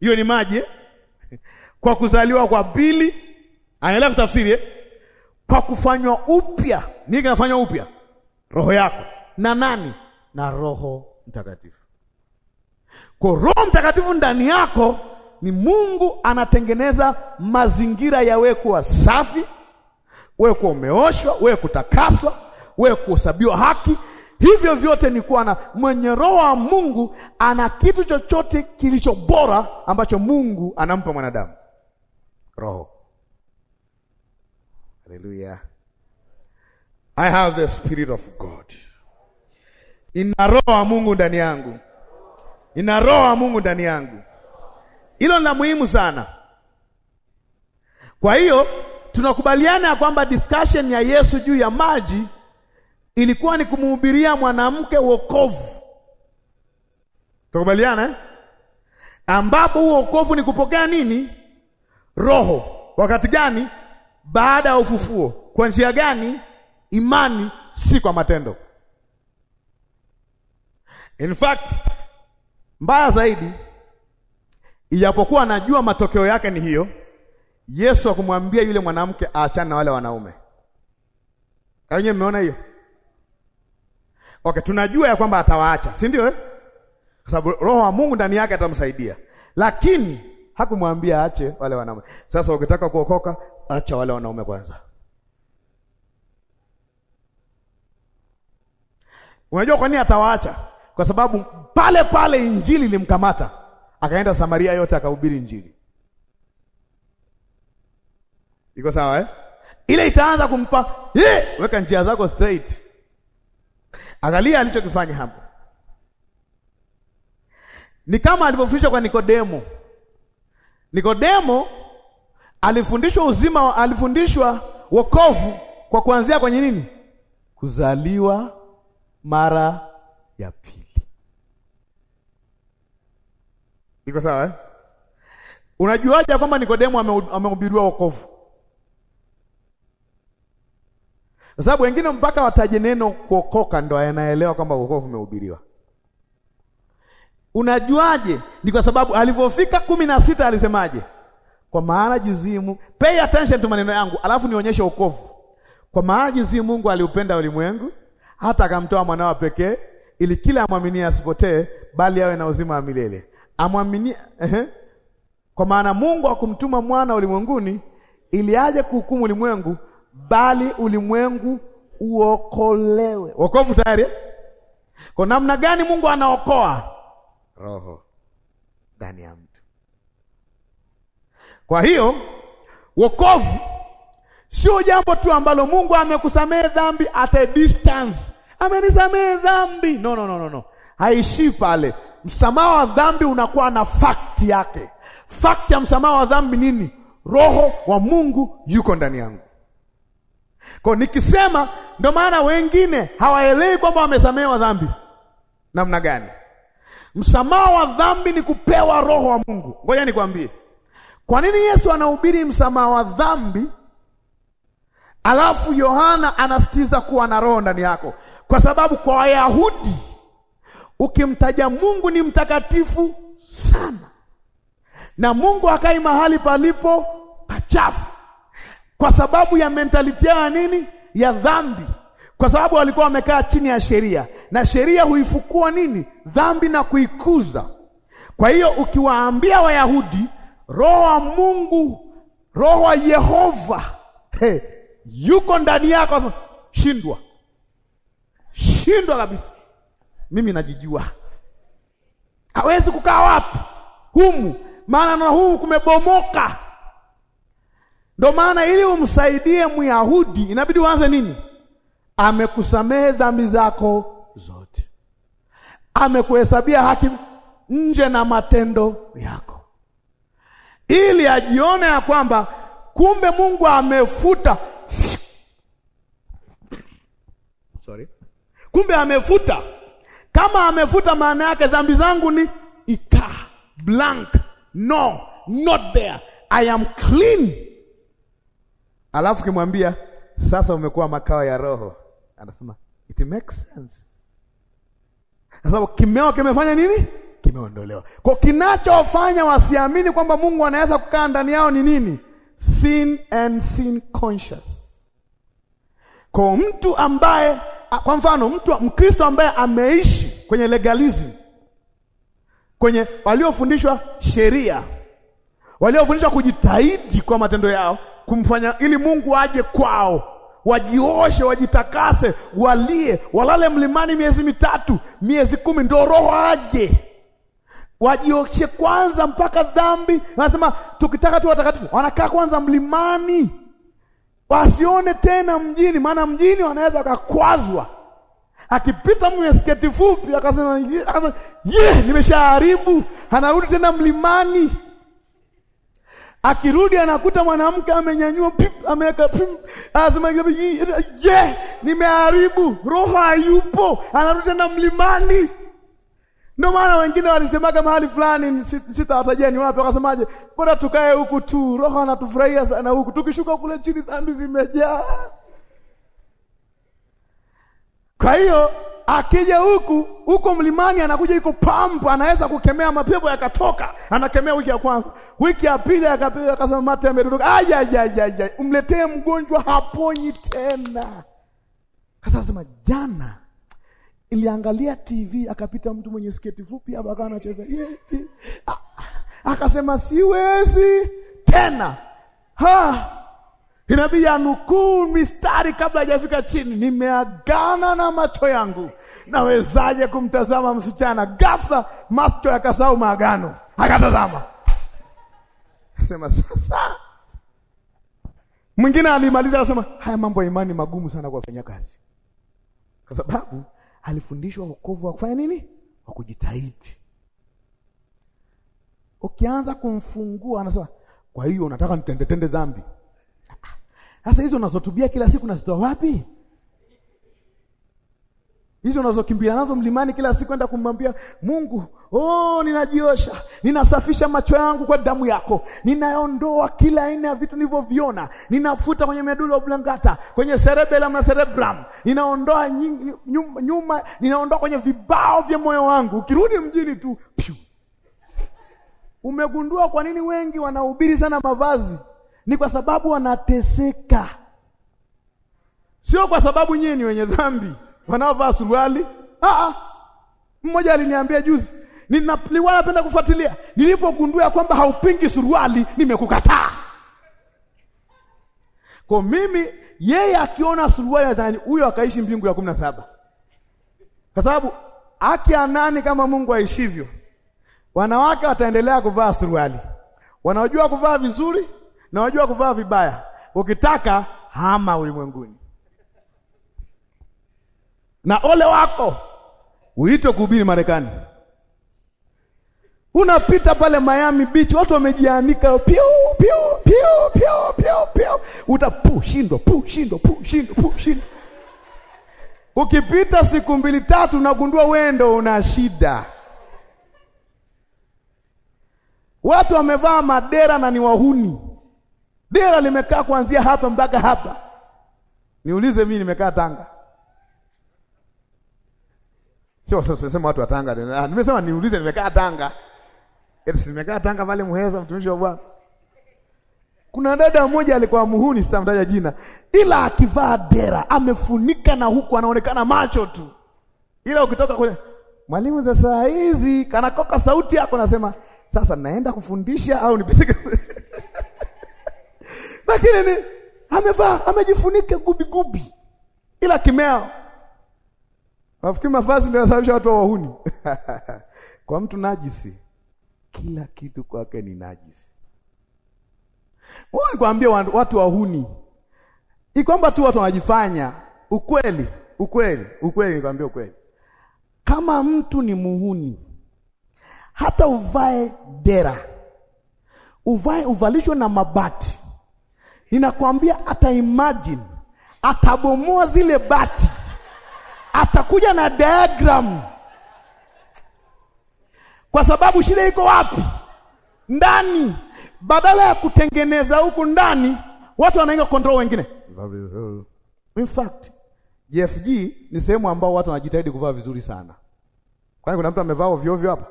hiyo ni maji eh? kwa kuzaliwa kwa pili, anaelewa kutafsiri eh? kwa kufanywa upya. Nini kinafanywa upya? Roho yako na nani? Na Roho Mtakatifu. Kwa Roho Mtakatifu ndani yako ni Mungu anatengeneza mazingira ya wewe kuwa safi, wewe kuwa umeoshwa, wewe kutakaswa, wewe kuhesabiwa haki Hivyo vyote ni kuwa na mwenye roho wa Mungu ana kitu chochote kilicho bora ambacho Mungu anampa mwanadamu, roho. Haleluya. I have the spirit of God. Ina roho wa Mungu ndani yangu, ina roho wa Mungu ndani yangu. Hilo ni la muhimu sana. Kwa hiyo tunakubaliana ya kwamba discussion ya Yesu juu ya maji ilikuwa ni kumhubiria mwanamke wokovu. Tukubaliana eh? Ambapo huo wokovu ni kupokea nini? Roho. Wakati gani? Baada ya ufufuo. Kwa njia gani? Imani, si kwa matendo. In fact, mbaya zaidi, ijapokuwa anajua matokeo yake ni hiyo, Yesu akumwambia yule mwanamke aachane na wale wanaume. Kawenye mmeona hiyo? Okay, tunajua ya kwamba atawaacha, si ndio eh? Kwa sababu roho wa Mungu ndani yake atamsaidia, lakini hakumwambia aache wale wanaume. Sasa ukitaka kuokoka, acha wale wanaume kwanza. Unajua kwa nini atawaacha? Kwa sababu pale pale injili ilimkamata, akaenda Samaria yote akahubiri injili. Iko sawa eh? Ile itaanza kumpa weka njia zako straight Angalia alichokifanya hapo, ni kama alivyofundishwa kwa Nikodemo. Nikodemo alifundishwa uzima, alifundishwa wokovu kwa kuanzia kwenye nini? Kuzaliwa mara ya pili. Iko sawa eh? Unajuaje kwamba Nikodemo ameubiriwa wokovu? Kwa sababu wengine mpaka wataje neno kuokoka ndo anaelewa kwamba wokovu umehubiriwa. Unajuaje? Ni kwa sababu alivyofika kumi na sita alisemaje? Kwa maana jizimu, pay attention tu maneno yangu, alafu nionyeshe wokovu. Kwa maana jinsi Mungu aliupenda ulimwengu hata akamtoa wa pekee, ili kila amwaminie asipotee, bali awe na uzima wa milele. Amwaminie eh, kwa maana Mungu akumtuma mwana ulimwenguni ili aje kuhukumu ulimwengu, bali ulimwengu uokolewe. Wokovu tayari. Eh? Kwa namna gani Mungu anaokoa? Roho ndani ya mtu. Kwa hiyo wokovu sio jambo tu ambalo Mungu amekusamehe dhambi at a distance, amenisamehe dhambi. No, no, no, no, no. Haishii pale. Msamaha wa dhambi unakuwa na fakti yake. Fakti ya msamaha wa dhambi nini? Roho wa Mungu yuko ndani yangu. Kwa nikisema, ndio maana wengine hawaelewi kwamba wamesamehewa dhambi namna gani. Msamaha wa dhambi ni kupewa roho wa Mungu. Ngoja nikwambie kwa nini Yesu anahubiri msamaha wa dhambi, alafu Yohana anasitiza kuwa na roho ndani yako, kwa sababu kwa Wayahudi ukimtaja Mungu ni mtakatifu sana, na Mungu akai mahali palipo pachafu kwa sababu ya mentality yao ya nini, ya dhambi, kwa sababu walikuwa wamekaa chini ya sheria, na sheria huifukua nini, dhambi na kuikuza. Kwa hiyo ukiwaambia Wayahudi roho wa Mungu, roho wa Yehova hey, yuko ndani yako, shindwa, shindwa kabisa. Mimi najijua, hawezi kukaa wapi humu, maana na humu kumebomoka ndio maana ili umsaidie Myahudi inabidi uanze nini? Amekusamehe dhambi zako zote, amekuhesabia haki nje na matendo yako, ili ajione ya kwamba kumbe Mungu amefuta Sorry. Kumbe amefuta. Kama amefuta, maana yake dhambi zangu ni ika blank, no not there, I am clean alafu kimwambia sasa umekuwa makao ya Roho, anasema it makes sense, kwa sababu kimeo kimefanya nini? Kimeondolewa. Kwa kinachofanya wasiamini kwamba Mungu anaweza kukaa ndani yao ni nini? Sin and sin conscious. Kwa mtu ambaye, kwa mfano, mtu Mkristo ambaye ameishi kwenye legalism, kwenye waliofundishwa sheria, waliofundishwa kujitahidi kwa matendo yao kumfanya ili Mungu aje kwao wajioshe wajitakase, walie, walale mlimani miezi mitatu, miezi kumi, ndo roho aje wajioshe kwanza mpaka dhambi. Anasema tukitaka tu watakatifu, wanakaa kwanza mlimani, wasione tena mjini, maana mjini wanaweza wakakwazwa. Akipita mwenye sketi fupi akasema ye, nimeshaharibu. Anarudi tena mlimani Akirudi anakuta mwanamke amenyanyua pip, ameweka pip, anasema ye, yeah, nimeharibu, roho hayupo, anarudi tena mlimani. Ndio maana wengine walisemaga mahali fulani, sitawatajia ni wapi, wakasemaje, bora tukae huku tu, roho anatufurahia sana huku, tukishuka kule chini dhambi zimejaa. Kwa hiyo akija huku huko mlimani, anakuja iko pampu, anaweza kukemea mapepo yakatoka, anakemea wiki ya kwanza, wiki ya pili akapiga, akasema mate yamedondoka. Ajajajajaj, umletee mgonjwa haponyi tena. Sasa nasema jana iliangalia TV akapita mtu mwenye sketi fupi hapo akawa anacheza akasema siwezi tena ha inabidi anukuu mistari kabla hajafika chini. Nimeagana na macho yangu, nawezaje kumtazama msichana? Ghafla macho yakasahau maagano, akatazama Sema sasa. Mwingine alimaliza akasema, haya mambo ya imani magumu sana kuwafanya kazi, kwa sababu alifundishwa wokovu wa kufanya nini? Wa kujitahidi. Ukianza kumfungua anasema, kwa hiyo unataka nitendetende dhambi sasa hizo unazotubia kila siku unazitoa wapi? Hizo unazokimbia nazo mlimani kila siku enda kumwambia Mungu, oh, ninajiosha, ninasafisha macho yangu kwa damu yako, ninaondoa kila aina ya vitu nilivyoviona, ninafuta kwenye medula oblongata, kwenye cerebellum na cerebrum, ninaondoa nyuma, nyuma, ninaondoa kwenye vibao vya moyo wangu. Ukirudi mjini tu piu. Umegundua kwa nini wengi wanahubiri sana mavazi ni kwa sababu wanateseka, sio kwa sababu nyinyi ni wenye dhambi wanaovaa suruali. Ah, mmoja aliniambia juzi, nilikuwa penda kufuatilia, nilipogundua kwamba haupingi suruali, nimekukataa kwa mimi. Yeye akiona suruali, huyo akaishi mbingu ya kumi na saba, kwa sababu haki ya nani kama Mungu aishivyo? Wanawake wataendelea kuvaa suruali, wanaojua kuvaa vizuri na wajua kuvaa vibaya, ukitaka hama ulimwenguni na ole wako uitwe kuhubiri Marekani. Unapita pale Miami Beach, watu wamejianika piu piu piu piu piu piu, utapu shindo pu shindo pu shindo pu shindo. Ukipita siku mbili tatu, unagundua wendo una shida. Watu wamevaa madera na ni wahuni dera limekaa kuanzia hapa mpaka hapa. Niulize mimi nimekaa Tanga, sio sema watu wa Tanga. Ah, nimesema niulize nimekaa Tanga, eti nimekaa Tanga pale Muheza, mtumishi wa Bwana. Kuna dada mmoja alikuwa muhuni, sitamtaja jina, ila akivaa dera amefunika na huku anaonekana macho tu, ila ukitoka kule mwalimu za saa hizi kanakoka sauti yako, nasema sasa naenda kufundisha au nipitike lakini ni amevaa amejifunika gubigubi, ila kimeo Nafikiri mavazi ndio yanasababisha watu wahuni kwa mtu najisi. Kila kitu kwake ni najisi. Wewe nikwambia watu wahuni ni kwamba tu watu wanajifanya ukweli, ukweli, ukweli, nikwambia ukweli, kama mtu ni muhuni, hata uvae dera, uvae uvalishwe na mabati Ninakwambia ata imagine, atabomoa zile bati, atakuja na diagram, kwa sababu shida iko wapi? Ndani. Badala ya kutengeneza huku ndani, watu wanaingia control wengine. In fact, JFG ni sehemu ambao watu wanajitahidi kuvaa vizuri sana. Kwani kuna mtu amevaa ovyo ovyo hapa?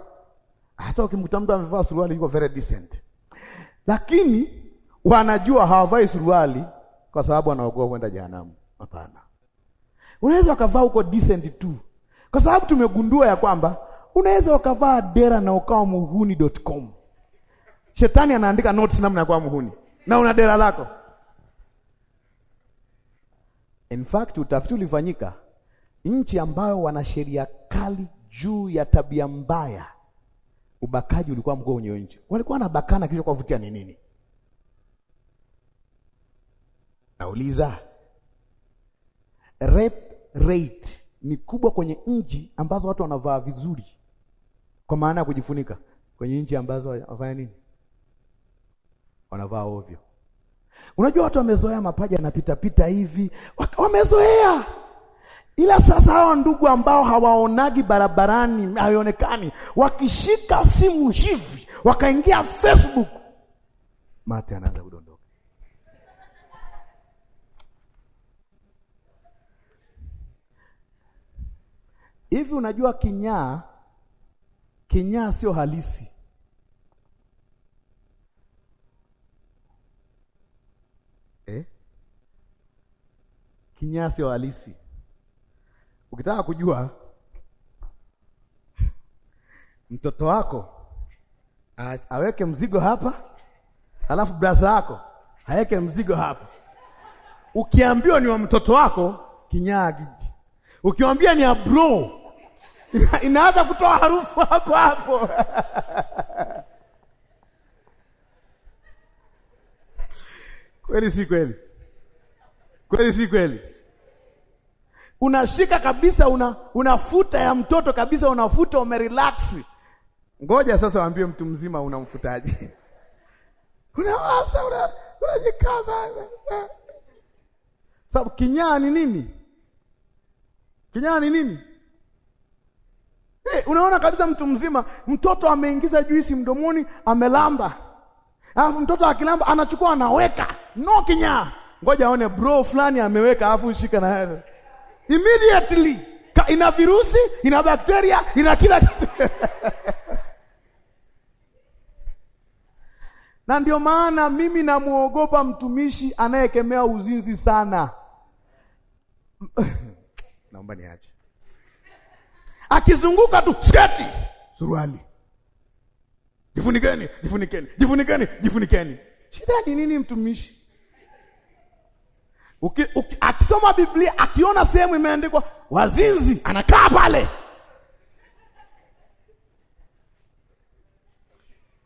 Hata ukimkuta mtu amevaa suruali yuko very decent. Lakini wanajua hawavai suruali kwa sababu wanaogopa kwenda jehanamu. Hapana, unaweza ukavaa huko decent tu, kwa sababu tumegundua ya kwamba unaweza ukavaa dera na ukawa muhuni.com. Shetani anaandika notes namna ya kuwa muhuni na una dera lako. In fact, utafiti ulifanyika nchi ambayo wana sheria kali juu ya tabia mbaya, ubakaji ulikuwa mkuu kwenye nchi, walikuwa wanabakana, kisha kilichokuwavutia ni nini? Nauliza, rape rate ni kubwa kwenye nchi ambazo watu wanavaa vizuri, kwa maana ya kujifunika, kwenye nchi ambazo wanafanya nini? Wanavaa ovyo. Unajua watu wamezoea mapaja yanapita pita hivi, wamezoea ila sasa hawa ndugu ambao hawaonagi barabarani, haionekani, wakishika simu hivi wakaingia Facebook, mate anaanza kudondoka. Hivi unajua kinyaa, kinyaa sio halisi. Eh? Kinyaa sio halisi. Ukitaka kujua mtoto wako aweke mzigo hapa, alafu brasa yako aweke mzigo hapa, ukiambiwa ni wa mtoto wako, kinyaa giji. Ukiwambia ni abro ina, inaanza kutoa harufu hapo hapo kweli si kweli? Kweli si kweli? Unashika kabisa, una unafuta ya mtoto kabisa, unafuta umerelaksi. Ngoja sasa waambie mtu mzima unamfutaje? unawaza unajikaza sababu kinyaa ni nini? Kinyaa ni nini? Hey, eh, unaona kabisa mtu mzima, mtoto ameingiza juisi mdomoni, amelamba, alafu mtoto akilamba anachukua anaweka, no kinya, ngoja aone bro fulani ameweka, alafu shika na yeye immediately. Ka, ina virusi, ina bakteria, ina kila kitu na ndio maana mimi namwogopa mtumishi anayekemea uzinzi sana. Naomba niache akizunguka tu sketi, suruali, jifunikeni, jifunikeni, jifunikeni, jifunikeni. Shida ni nini, mtumishi? Uki, uki, akisoma Biblia akiona sehemu imeandikwa wazinzi, anakaa pale.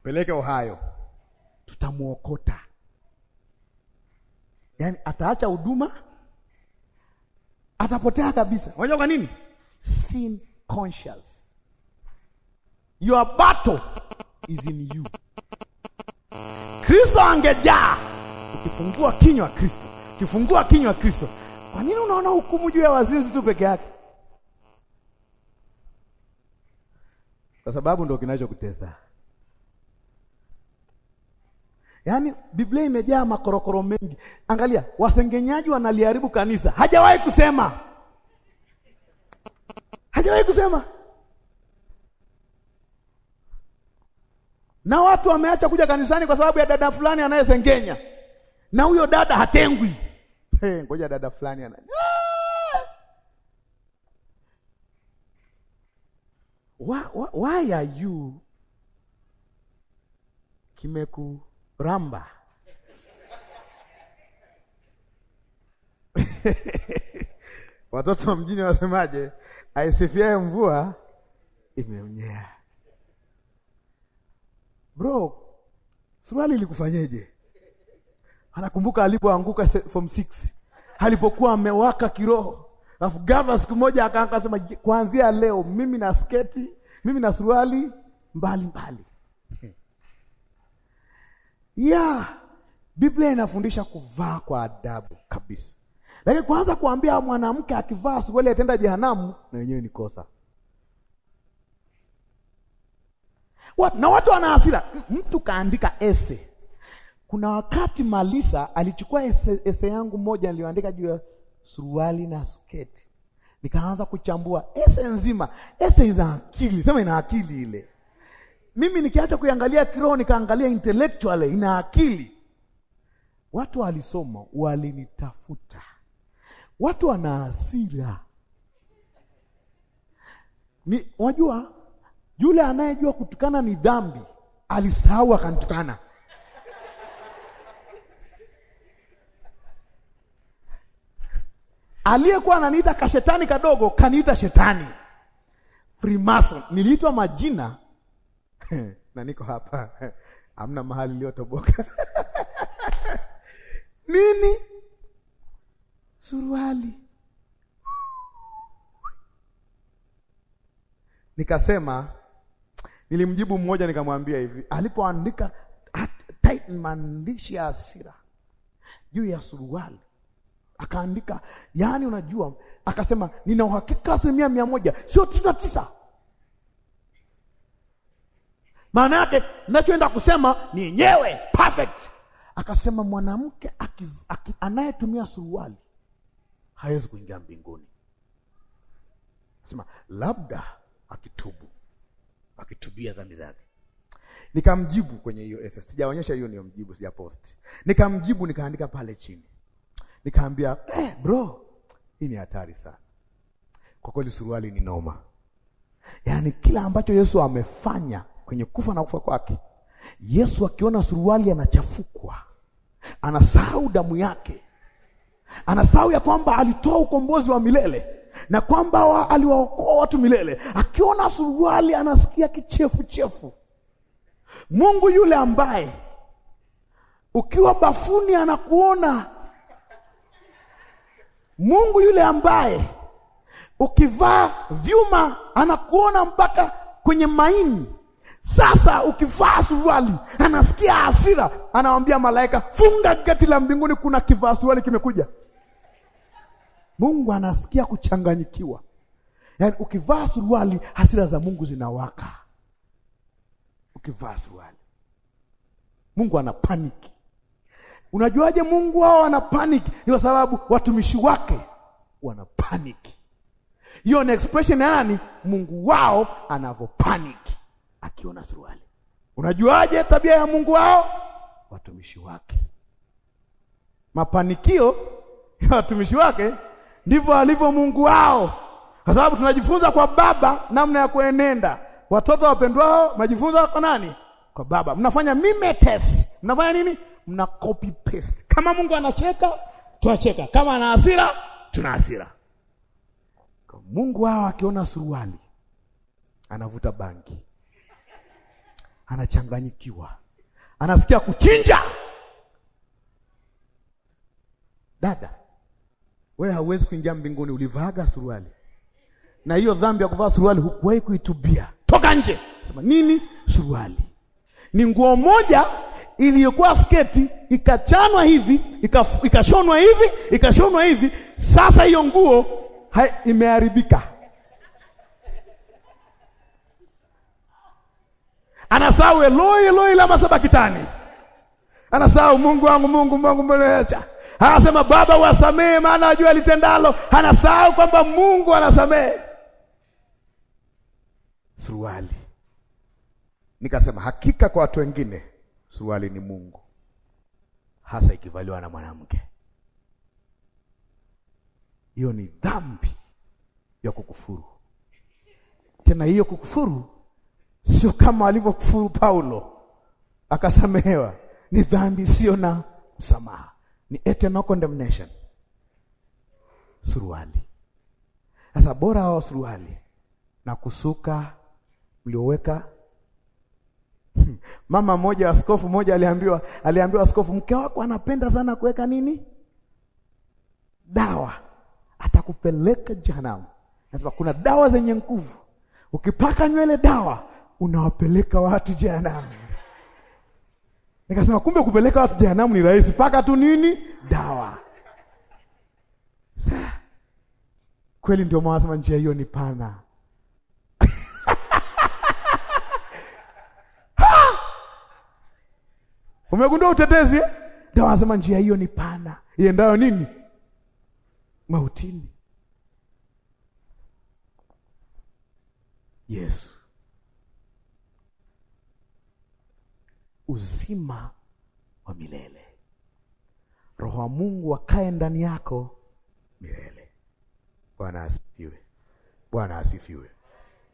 Peleke Ohio, tutamwokota. Yaani ataacha huduma, atapotea kabisa. Unajua kwa nini? Sin conscious. Your battle is in you. Kristo angejaa. Ukifungua kinywa Kristo, ukifungua kinywa Kristo. Kwa nini unaona hukumu juu ya wazinzi tu peke yake? Kwa sababu ndio kinachokutesa. Yaani Biblia imejaa makorokoro mengi. Angalia, wasengenyaji wanaliharibu kanisa. Hajawahi kusema hajawahi kusema na watu wameacha kuja kanisani kwa sababu ya dada fulani anayesengenya, na huyo dada hatengwi. Hey, ngoja dada fulani ana ah! why are you kimekuramba? watoto wa mjini wasemaje? aisifiae mvua imemnyea. Bro, suruali ilikufanyeje? Anakumbuka alipoanguka form 6 alipokuwa amewaka kiroho, alafu gava siku moja akaanza kuanzia leo mimi na sketi, mimi na suruali mbalimbali hmm. ya Yeah, Biblia inafundisha kuvaa kwa adabu kabisa. Lakini kwanza kuambia mwanamke akivaa suruali atenda jehanamu, na wenyewe ni kosa. Na watu wana hasira. Mtu kaandika ese. Kuna wakati Malisa alichukua ese, ese yangu moja niliyoandika juu ya suruali na sketi, nikaanza kuchambua ese nzima. Ese ina akili, sema ina akili ile. Mimi nikiacha kuiangalia kiroho, nikaangalia intellectually, ina akili. Watu walisoma, walinitafuta Watu wana hasira. Ni unajua yule anayejua kutukana ni dhambi, alisahau akantukana. Aliyekuwa ananiita kashetani kadogo kaniita shetani. Freemason niliitwa majina na niko hapa amna mahali iliyotoboka nini suruali. Nikasema, nilimjibu mmoja nikamwambia hivi, alipoandika maandishi ya hasira juu ya suruali akaandika, yaani unajua, akasema nina uhakika asilimia mia moja, sio tisini na tisa. Maana yake nachoenda kusema ni yenyewe perfect. Akasema mwanamke anayetumia suruali hawezi kuingia mbinguni. Sema labda akitubu, akitubia dhambi zake. Nikamjibu kwenye hiyo SMS, sijaonyesha hiyo, ndio mjibu, sijaposti. Nikamjibu nikaandika pale chini, nikaambia eh, bro, hii ni hatari sana kwa kweli, suruali ni noma. Yaani kila ambacho Yesu amefanya kwenye kufa na kufa kwake, Yesu akiona suruali anachafukwa, anasahau damu yake Anasahau ya kwamba alitoa ukombozi wa milele na kwamba wa, aliwaokoa watu milele. Akiona suruali anasikia kichefu chefu. Mungu yule ambaye ukiwa bafuni anakuona. Mungu yule ambaye ukivaa vyuma anakuona mpaka kwenye maini. Sasa ukivaa suruali, anasikia hasira, anawambia malaika, funga geti la mbinguni, kuna kivaa suruali kimekuja. Mungu anasikia kuchanganyikiwa. Yaani ukivaa suruali, hasira za Mungu zinawaka. Ukivaa suruali, Mungu ana paniki. Unajuaje Mungu wao ana paniki? Ni kwa sababu watumishi wake wana paniki. Hiyo ni expression ya nani? Mungu wao anavyo akiona suruali. Unajuaje tabia ya Mungu wao? Watumishi wake. Mafanikio ya watumishi wake ndivyo alivyo Mungu wao, kwa sababu tunajifunza kwa baba namna ya kuenenda. Watoto wapendwao, majifunza kwa nani? Kwa baba. Mnafanya mimetes, mnafanya nini? Mna copy paste. Kama Mungu anacheka tunacheka, kama ana hasira tuna hasira. Mungu wao akiona suruali anavuta bangi anachanganyikiwa, anasikia kuchinja. Dada wewe, hauwezi kuingia mbinguni, ulivaaga suruali, na hiyo dhambi ya kuvaa suruali hukuwahi kuitubia. Toka nje! Sema nini? Suruali ni nguo moja iliyokuwa sketi ikachanwa hivi ikashonwa hivi ikashonwa hivi. Sasa hiyo nguo imeharibika anasahau Eloi Eloi lama sabakitani, anasahau Mungu wangu Mungu Mungu mbeleacha. Anasema Baba wasamehe, maana ajua litendalo. Anasahau kwamba Mungu anasamehe. Suruali nikasema, hakika kwa watu wengine suruali ni Mungu, hasa ikivaliwa na mwanamke. Hiyo ni dhambi ya kukufuru, tena hiyo kukufuru sio kama alivyokufuru Paulo akasamehewa. Ni dhambi sio na msamaha, ni eternal condemnation. Suruali sasa, bora hao suruali na kusuka mlioweka mama mmoja, askofu mmoja aliambiwa, aliambiwa askofu, mke wako anapenda sana kuweka nini, dawa, atakupeleka jehanamu. Nasema kuna dawa zenye nguvu, ukipaka nywele dawa unawapeleka watu jehanamu. Nikasema kumbe kupeleka watu jehanamu ni rahisi, paka tu nini dawa. Sasa kweli ndio maana njia hiyo ni pana. Umegundua utetezi? Ndio anasema njia hiyo ni pana iendayo nini mautini. Yesu uzima wa milele. Roho wa Mungu akae ndani yako milele. Bwana asifiwe, Bwana asifiwe.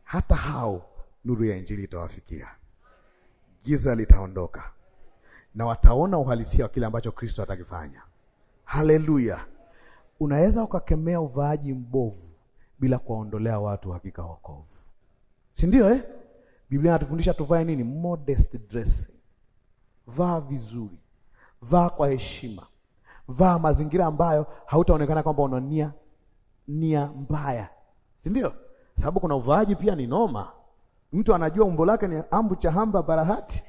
Hata hao nuru ya injili itawafikia, giza litaondoka na wataona uhalisia wa kile ambacho Kristo atakifanya. Haleluya! Unaweza ukakemea uvaaji mbovu bila kuwaondolea watu hakika wokovu, si ndio eh? Biblia inatufundisha tuvae nini? Modest dress, vaa vizuri, vaa kwa heshima, vaa mazingira ambayo hautaonekana kwamba una nia nia mbaya, si ndio? Sababu kuna uvaaji pia ni noma. Mtu anajua umbo lake ni ambu cha hamba barahati,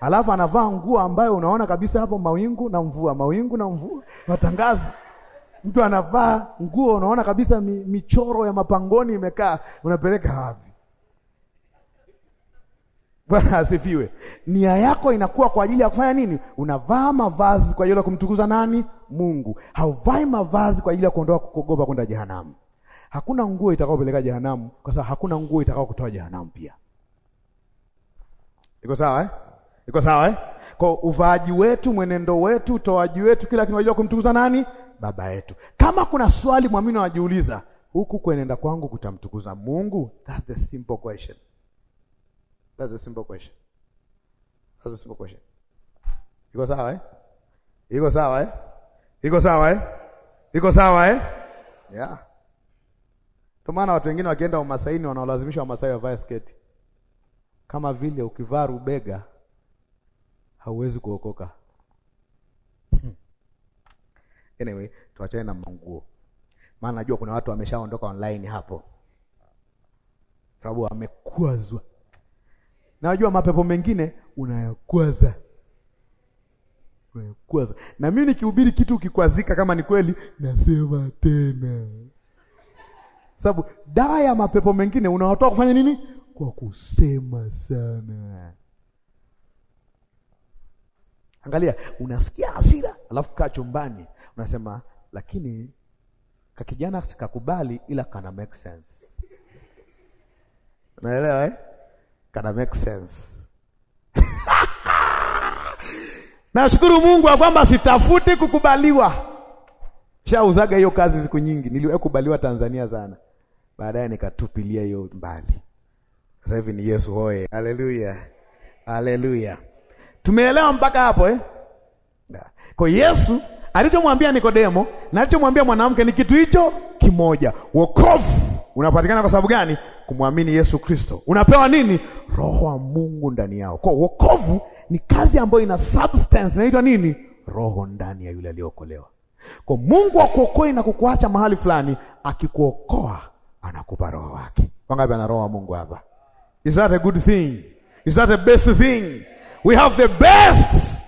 alafu anavaa nguo ambayo unaona kabisa hapo mawingu na mvua, mawingu na mvua, matangazo mtu anavaa nguo unaona kabisa michoro ya mapangoni imekaa, unapeleka wapi? Bwana asifiwe. Nia yako inakuwa kwa ajili ya kufanya nini? Unavaa mavazi kwa ajili ya kumtukuza nani? Mungu. Hauvai mavazi kwa ajili ya kuondoa kukogopa kwenda jehanamu. Hakuna nguo itakayopeleka jehanamu, kwa sababu hakuna nguo itakayokutoa jehanamu pia. Iko sawa eh? Iko sawa eh? Kwa uvaaji wetu, mwenendo wetu, utoaji wetu, kila kinachojua kumtukuza nani? Baba yetu. Kama kuna swali mwamini anajiuliza, huku kwenenda kwangu kutamtukuza Mungu? That's the simple question. That's a simple question. That's a simple question. Iko sawa eh? Iko sawa eh? Iko sawa eh? Iko sawa eh? Yeah. Kwa maana watu wengine wakienda Umasaini wanaolazimisha Wamasai wavae sketi. Kama vile ukivaa rubega hauwezi kuokoka. Hmm. Anyway, tuachane na manguo. Maana najua kuna watu wameshaondoka online hapo, sababu wamekwazwa Najua mapepo mengine unayakwaza, unayakwaza. Na mimi nikihubiri kitu ukikwazika, kama ni kweli, nasema tena, sababu dawa ya mapepo mengine unawatoa kufanya nini? Kwa kusema sana. Angalia, unasikia hasira, alafu kaa chumbani unasema, lakini kakijana sikakubali, ila kana make sense. Unaelewa eh? kana make sense. Nashukuru Mungu ya kwamba sitafuti kukubaliwa. Shauzaga hiyo kazi siku nyingi, niliwahi kubaliwa Tanzania sana, baadaye nikatupilia hiyo mbali. Sasa hivi ni Yesu hoye, haleluya, haleluya. Tumeelewa mpaka hapo eh? Kwa Yesu alichomwambia Nikodemo na alichomwambia mwanamke ni kitu hicho kimoja, wokovu unapatikana kwa sababu gani? Kumwamini Yesu Kristo. Unapewa nini? Roho wa Mungu ndani yao. Kwa wokovu ni kazi ambayo ina substance, inaitwa nini? Roho ndani ya yule aliyeokolewa. Kwa Mungu akuokoe na kukuacha mahali fulani, akikuokoa anakupa roho wake. Wangapi ana roho wa Mungu hapa? Is that a good thing? Is that a best thing? We have the best.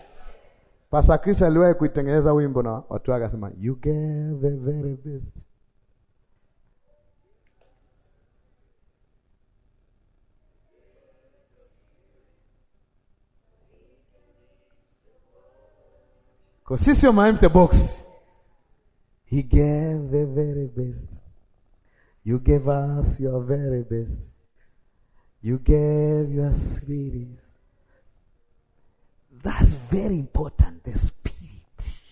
Pastor Chris aliwahi kuitengeneza wimbo na watu wake, akasema you gave the very best Because sisi sio maemte box. He gave the very best. You gave us your very best. You gave your spirit. That's very important, the spirit.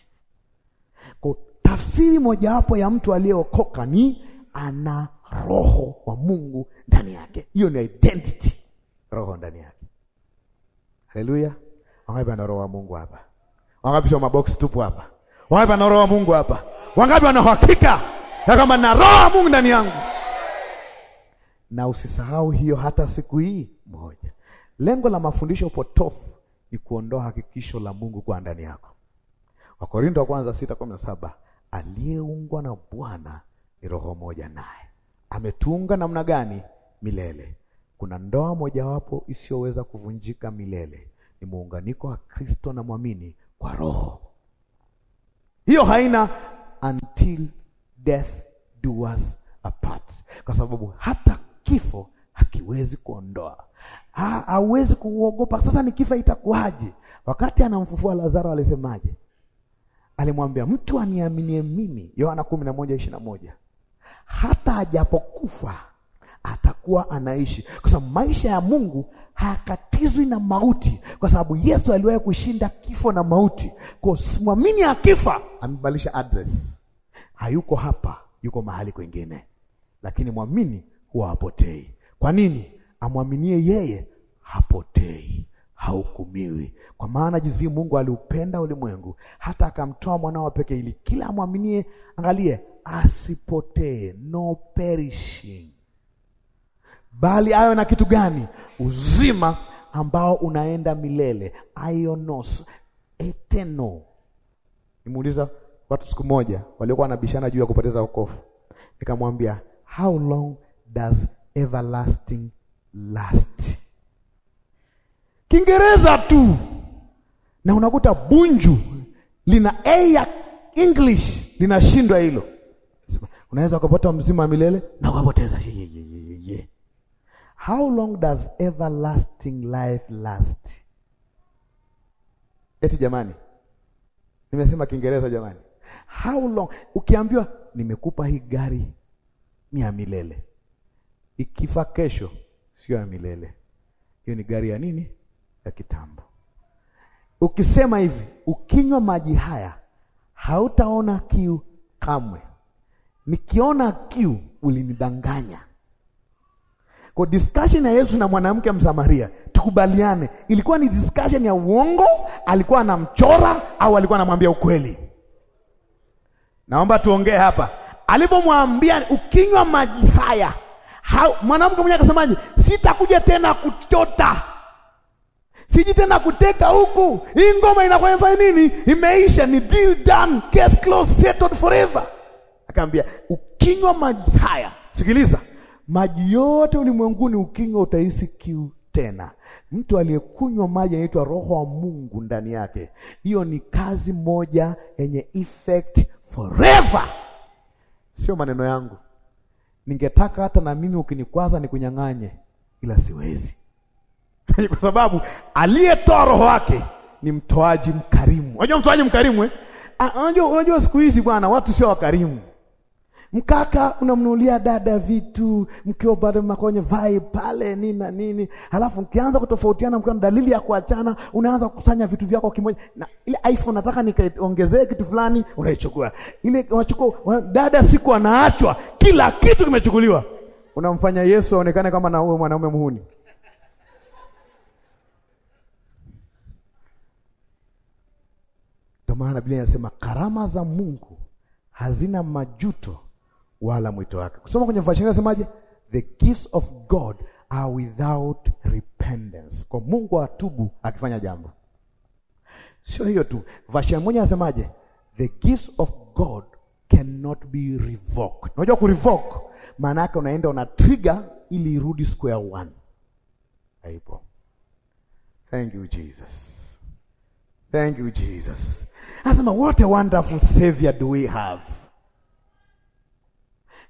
Kwa tafsiri mojawapo ya mtu aliyeokoka ni ana roho wa Mungu ndani yake. Hiyo ni identity, roho ndani yake. Haleluya! Wangapi ana roho wa Mungu hapa? Wangapi sio mabox tupu hapa? Wangapi wana roho wa Mungu hapa? Wangapi wana uhakika ya kwamba na roho wa Mungu ndani yangu? Na usisahau hiyo hata siku hii moja. Lengo la mafundisho potofu ni kuondoa hakikisho la Mungu kwa ndani yako. Wakorintho wa kwanza 6:17 aliyeungwa na Bwana ni roho moja naye. Ametunga namna gani? Milele. Kuna ndoa mojawapo isiyoweza kuvunjika milele, ni muunganiko wa Kristo na mwamini kwa roho. Hiyo haina until death do us apart, kwa sababu hata kifo hakiwezi kuondoa, hawezi kuogopa. Sasa ni kifa itakuwaje? Wakati anamfufua Lazaro alisemaje? Alimwambia, mtu aniaminie mimi, Yohana 11:21, hata ajapokufa atakuwa anaishi, kwa sababu maisha ya Mungu hakatizwi na mauti, kwa sababu Yesu aliwahi kushinda kifo na mauti. Kwa simwamini akifa, amebadilisha address, hayuko hapa, yuko mahali kwengine, lakini mwamini huwa hapotei. Kwa nini? Amwaminie yeye hapotei, hahukumiwi. Kwa maana jinsi Mungu aliupenda ulimwengu hata akamtoa mwanao pekee, ili kila amwaminie, angalie, asipotee, no perishing bali awe na kitu gani? Uzima ambao unaenda milele, aionos eteno. Nimuuliza watu siku moja waliokuwa wanabishana juu ya kupoteza wokovu, nikamwambia how long does everlasting last? Kiingereza tu, na unakuta bunju lina a ya English linashindwa hilo. Unaweza ukapata mzima wa milele na ukapoteza yeah, yeah, yeah, yeah. How long does everlasting life last? Eti jamani, nimesema Kiingereza jamani. How long? Ukiambiwa nimekupa hii gari ni ya milele, ikifa kesho sio ya milele, hiyo ni gari ya nini? Ya kitambo. Ukisema hivi, ukinywa maji haya hautaona kiu kamwe. Nikiona kiu ulinidanganya. Kwa discussion ya Yesu na mwanamke Msamaria, tukubaliane, ilikuwa ni discussion ya uongo? Alikuwa anamchora au alikuwa anamwambia ukweli? Naomba tuongee hapa. Alipomwambia ukinywa maji haya, mwanamke mmoja akasemaje? Sitakuja tena kuchota, siji tena kuteka huku. Hii ngoma inakwenda nini? Imeisha, ni deal done, case closed, settled forever. Akaambia ukinywa maji haya, sikiliza maji yote ulimwenguni ukinywa utahisi kiu tena. Mtu aliyekunywa maji anaitwa Roho wa Mungu ndani yake. Hiyo ni kazi moja yenye effect forever, sio maneno yangu. Ningetaka hata na mimi ukinikwaza nikunyang'anye, ila siwezi kwa sababu aliyetoa roho wake ni mtoaji mkarimu. Unajua mtoaji mkarimu eh? Ah, unajua, unajua siku hizi bwana, watu sio wakarimu. Mkaka unamnunulia dada vitu mkiwa bado mnakonye vai pale nini na nini, halafu mkianza kutofautiana, mkiwa na dalili ya kuachana, unaanza kukusanya vitu vyako kimoja, na ile iPhone nataka nikaongezee kitu fulani, unaichukua ile, unachukua dada, siku anaachwa, kila kitu kimechukuliwa. Unamfanya Yesu aonekane kama na huyo mwanaume muhuni. Ndio maana Biblia inasema karama za Mungu hazina majuto wala mwito wake. Kusoma kwenye version nasemaje? The gifts of God are without repentance. Kwa Mungu atubu akifanya jambo. Sio hiyo tu. Version moja nasemaje? The gifts of God cannot be revoked. Unajua ku revoke maana yake unaenda una trigger ili irudi square one. Haipo. Thank you Jesus. Thank you Jesus. Asema what a wonderful savior do we have.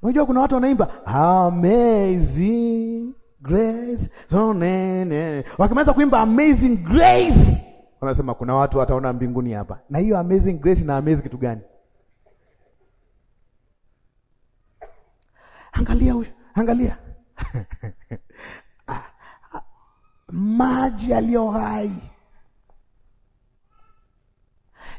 Unajua kuna watu wanaimba amazing grace so nene, wakimaliza kuimba amazing grace wanasema kuna watu wataona mbinguni hapa. Na hiyo amazing grace na amazing kitu gani? Angalia huyo, angalia ah, ah, maji yaliyo hai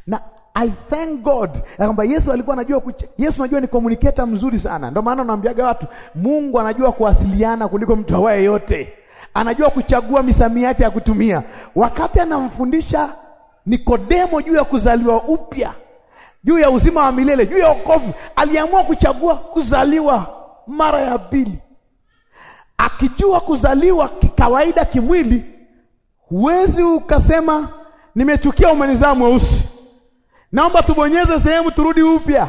na I thank God ya kwamba Yesu alikuwa anajua kuche. Yesu najua ni communicator mzuri sana, ndio maana naambiaga watu Mungu anajua kuwasiliana kuliko mtu awaye yote, anajua kuchagua misamiati ya kutumia. Wakati anamfundisha Nikodemo juu ya kuzaliwa upya, juu ya uzima wa milele, juu ya wokovu, aliamua kuchagua kuzaliwa mara ya pili, akijua kuzaliwa kikawaida kimwili. Huwezi ukasema nimechukia umenizaa mweusi naomba tubonyeze sehemu turudi upya.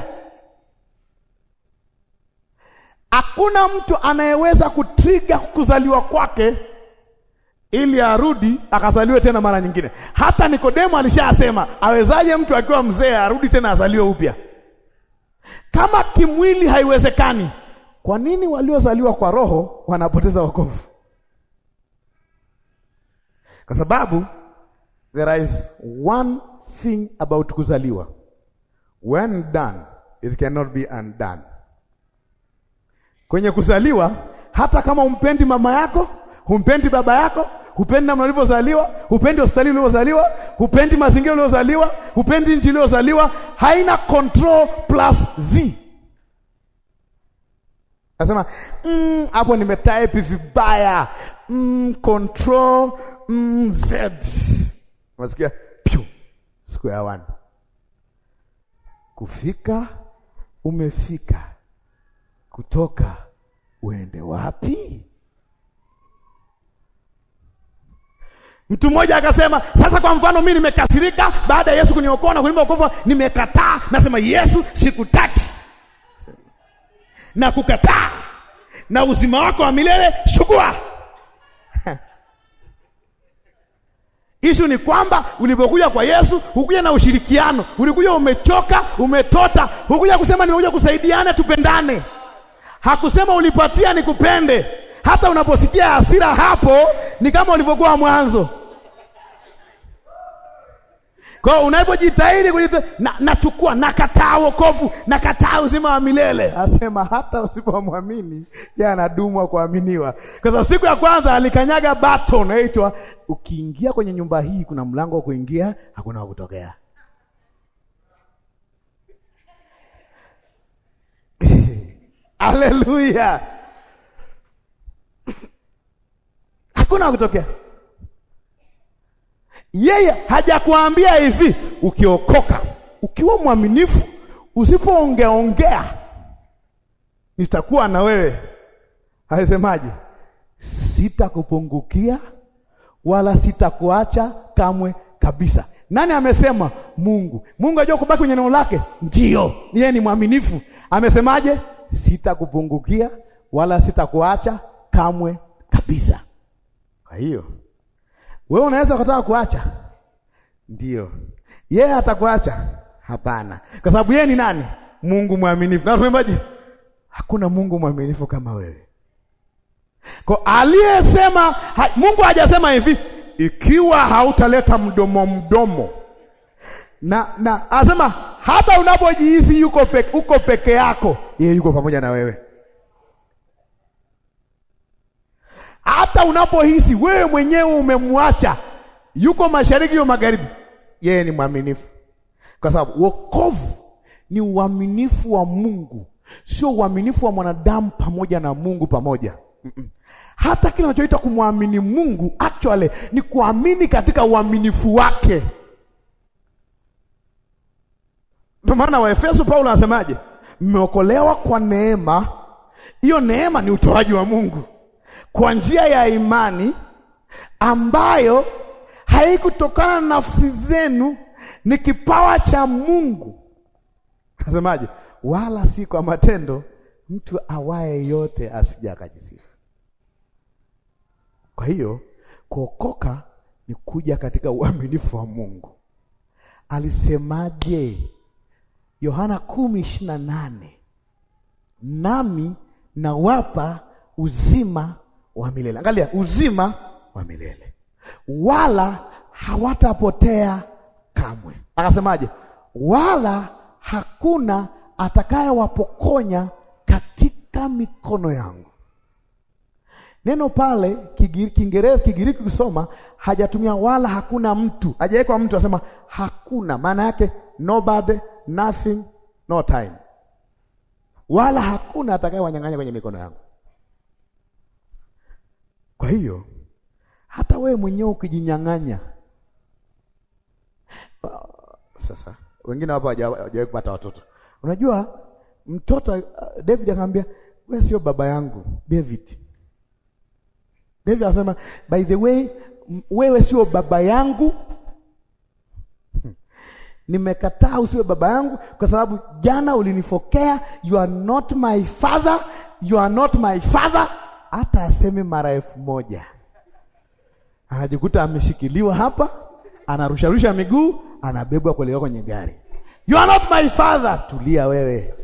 Hakuna mtu anayeweza kutriga kuzaliwa kwake ili arudi akazaliwe tena mara nyingine. Hata Nikodemo alishasema, awezaje mtu akiwa mzee arudi tena azaliwe upya? Kama kimwili haiwezekani, kwa nini waliozaliwa kwa roho wanapoteza wokovu? Kwa sababu there is one thing about kuzaliwa. When done, it cannot be undone. Kwenye kuzaliwa, hata kama umpendi mama yako, humpendi baba yako, hupendi namna ulivyozaliwa, hupendi hospitali ulivyozaliwa, hupendi mazingira uliozaliwa, hupendi nchi uliozaliwa, haina control plus z. Nasema mm, hapo mm, nimetype vibaya mm, control mm, z. Unasikia? siku ya wana kufika, umefika kutoka, uende wapi? Mtu mmoja akasema, sasa kwa mfano, mimi nimekasirika baada ya Yesu kuniokoa na kunipa wokovu, nimekataa. Nasema Yesu, sikutaki na kukataa, na uzima wako wa milele shukua Ishu ni kwamba ulipokuja kwa Yesu hukuja na ushirikiano, ulikuja umechoka, umetota, hukuja kusema nimekuja kusaidiana, tupendane. Hakusema ulipatia nikupende. Hata unaposikia hasira hapo, ni kama ulivyokuwa mwanzo. Kwa unapojitahidi kujita, na nachukua, nakataa wokovu, nakataa uzima wa milele. Asema hata usipomwamini yeye anadumwa kuaminiwa. Kwa sababu siku ya kwanza alikanyaga baton naitwa ukiingia kwenye nyumba hii kuna mlango wa kuingia, hakuna wa kutokea. Haleluya. Hakuna wa kutokea. Yeye hajakuambia hivi, ukiokoka, ukiwa mwaminifu, usipoongeongea nitakuwa na wewe. Haisemaje? Sitakupungukia wala sitakuacha kamwe kabisa. Nani amesema? Mungu. Mungu ajua kubaki kwenye neno lake, ndio yeye ni mwaminifu. Amesemaje? Sitakupungukia wala sitakuacha kamwe kabisa. Kwa hiyo wewe unaweza ukataka kuacha, ndio yeye yeah, atakuacha? Hapana, kwa sababu yeye ni nani? Mungu mwaminifu. Na tumembaje? Hakuna Mungu mwaminifu kama wewe. Kwa aliyesema ha, Mungu hajasema hivi, ikiwa hautaleta mdomo mdomo na na asema hata unapojihisi uko peke, uko peke yako, yeye yuko pamoja na wewe. hata unapohisi wewe mwenyewe umemwacha, yuko mashariki au magharibi, yeye ni mwaminifu, kwa sababu wokovu ni uaminifu wa Mungu, sio uaminifu wa mwanadamu pamoja na Mungu pamoja mm -mm. Hata kile unachoita kumwamini Mungu actually ni kuamini katika uaminifu wake. Ndio maana Waefeso Paulo anasemaje? Mmeokolewa kwa neema, hiyo neema ni utoaji wa Mungu kwa njia ya imani ambayo haikutokana na nafsi zenu, ni kipawa cha Mungu. Nasemaje? Wala si kwa matendo, mtu awaye yote asija akajisifu. Kwa hiyo kuokoka ni kuja katika uaminifu wa Mungu. Alisemaje? Yohana kumi ishirini na nane nami nawapa uzima wa milele. Angalia, uzima wa milele, wala hawatapotea kamwe. Akasemaje? Wala hakuna atakayewapokonya katika mikono yangu. Neno pale Kiingereza, Kigiriki kusoma hajatumia wala hakuna mtu, hajawekwa mtu, asema hakuna. Maana yake nobody, nothing, no time. Wala hakuna atakayewanyang'anya kwenye mikono yangu. Kwa hiyo hata wewe mwenyewe ukijinyang'anya sasa, wengine hapa hawajawahi kupata watoto. Unajua mtoto uh, David akamwambia, wewe sio baba yangu David. David anasema by the way, wewe sio baba yangu hmm. Nimekataa usiwe baba yangu kwa sababu jana ulinifokea. You are not my father, you are not my father hata asemi mara elfu moja anajikuta ameshikiliwa hapa, anarusharusha miguu, anabebwa kuelekea kwenye gari. You are not my father. Tulia wewe.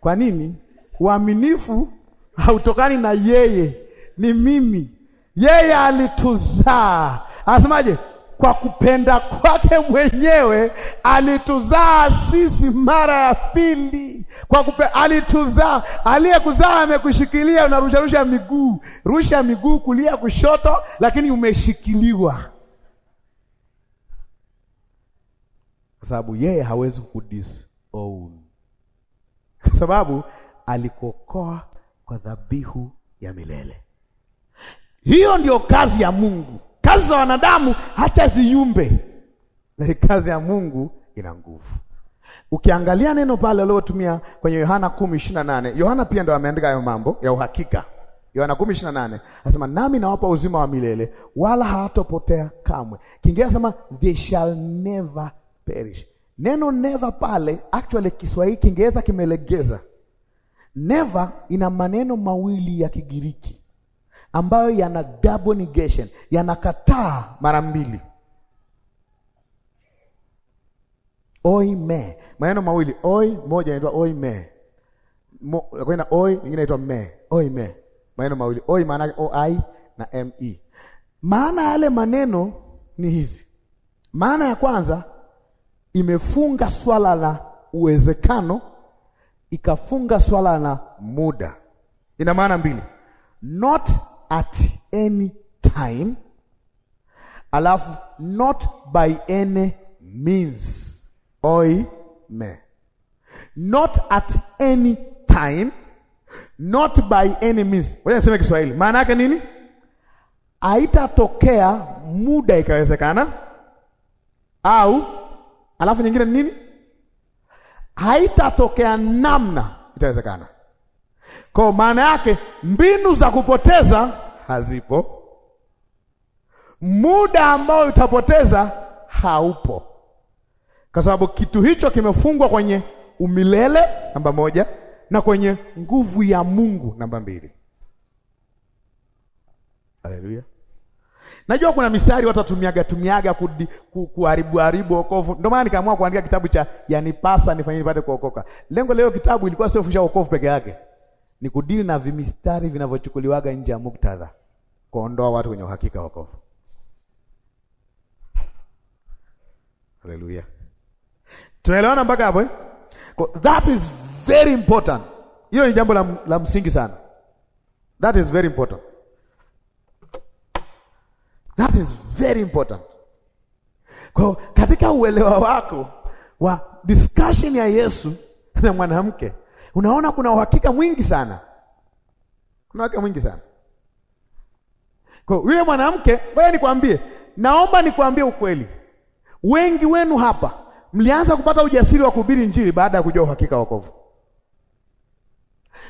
Kwa nini? Uaminifu hautokani na yeye, ni mimi. Yeye alituzaa, anasemaje? kwa kupenda kwake mwenyewe alituzaa sisi mara ya pili kwa kupe, alituzaa. Aliyekuzaa amekushikilia, unarusharusha miguu, rusha miguu kulia kushoto, lakini umeshikiliwa, kwa sababu yeye hawezi kudisown, kwa sababu alikuokoa kwa dhabihu ya milele. Hiyo ndio kazi ya Mungu kazi za wanadamu hacha ziyumbe lakini kazi ya Mungu ina nguvu. Ukiangalia neno pale aliotumia kwenye Yohana 10:28, Yohana pia ndo ameandika hayo mambo ya uhakika. Yohana 10:28 anasema, nami nawapa uzima wa milele, wala hawatopotea kamwe. Kiingereza anasema they shall never perish. Neno never pale actually Kiswahili Kiingereza kimelegeza. Never ina maneno mawili ya Kigiriki ambayo yana double negation, yanakataa mara mbili. me, maneno mawili oi, moja inaitwa oime kwenda oi, nyingine inaitwa me. me, maneno mawili oi, maana yake oi na me. Maana yale maneno ni hizi. Maana ya kwanza imefunga swala la uwezekano, ikafunga swala la muda. Ina maana mbili, not at any time, alafu not by any means me not at any time, not by any means. Wacha niseme Kiswahili, maana yake nini? Haitatokea muda ikawezekana, au alafu nyingine nini? Haitatokea namna itawezekana kwa maana yake mbinu za kupoteza hazipo, muda ambao utapoteza haupo, kwa sababu kitu hicho kimefungwa kwenye umilele namba moja, na kwenye nguvu ya Mungu namba mbili. Haleluya! Najua kuna mistari watu watumiaga tumiaga kuharibu haribu wokovu. Ndio maana nikaamua kuandika kitabu cha yanipasa nifanye nipate kuokoka. Lengo leo kitabu ilikuwa sio kufundisha wokovu peke yake ni kudili na vimistari vinavyochukuliwaga nje ya muktadha, kuondoa watu wenye uhakika wokovu. Haleluya, tunaelewana mpaka hapo eh? That is very important. Hiyo ni jambo la, la msingi sana. That is very important. That is very important. Kwa katika uelewa wako wa discussion ya Yesu na mwanamke Unaona, kuna uhakika mwingi sana, kuna uhakika mwingi sana kwa yule mwanamke. Ngoja nikwambie, naomba nikwambie ukweli, wengi wenu hapa mlianza kupata ujasiri wa kuhubiri Injili baada ya kujua uhakika wa wokovu.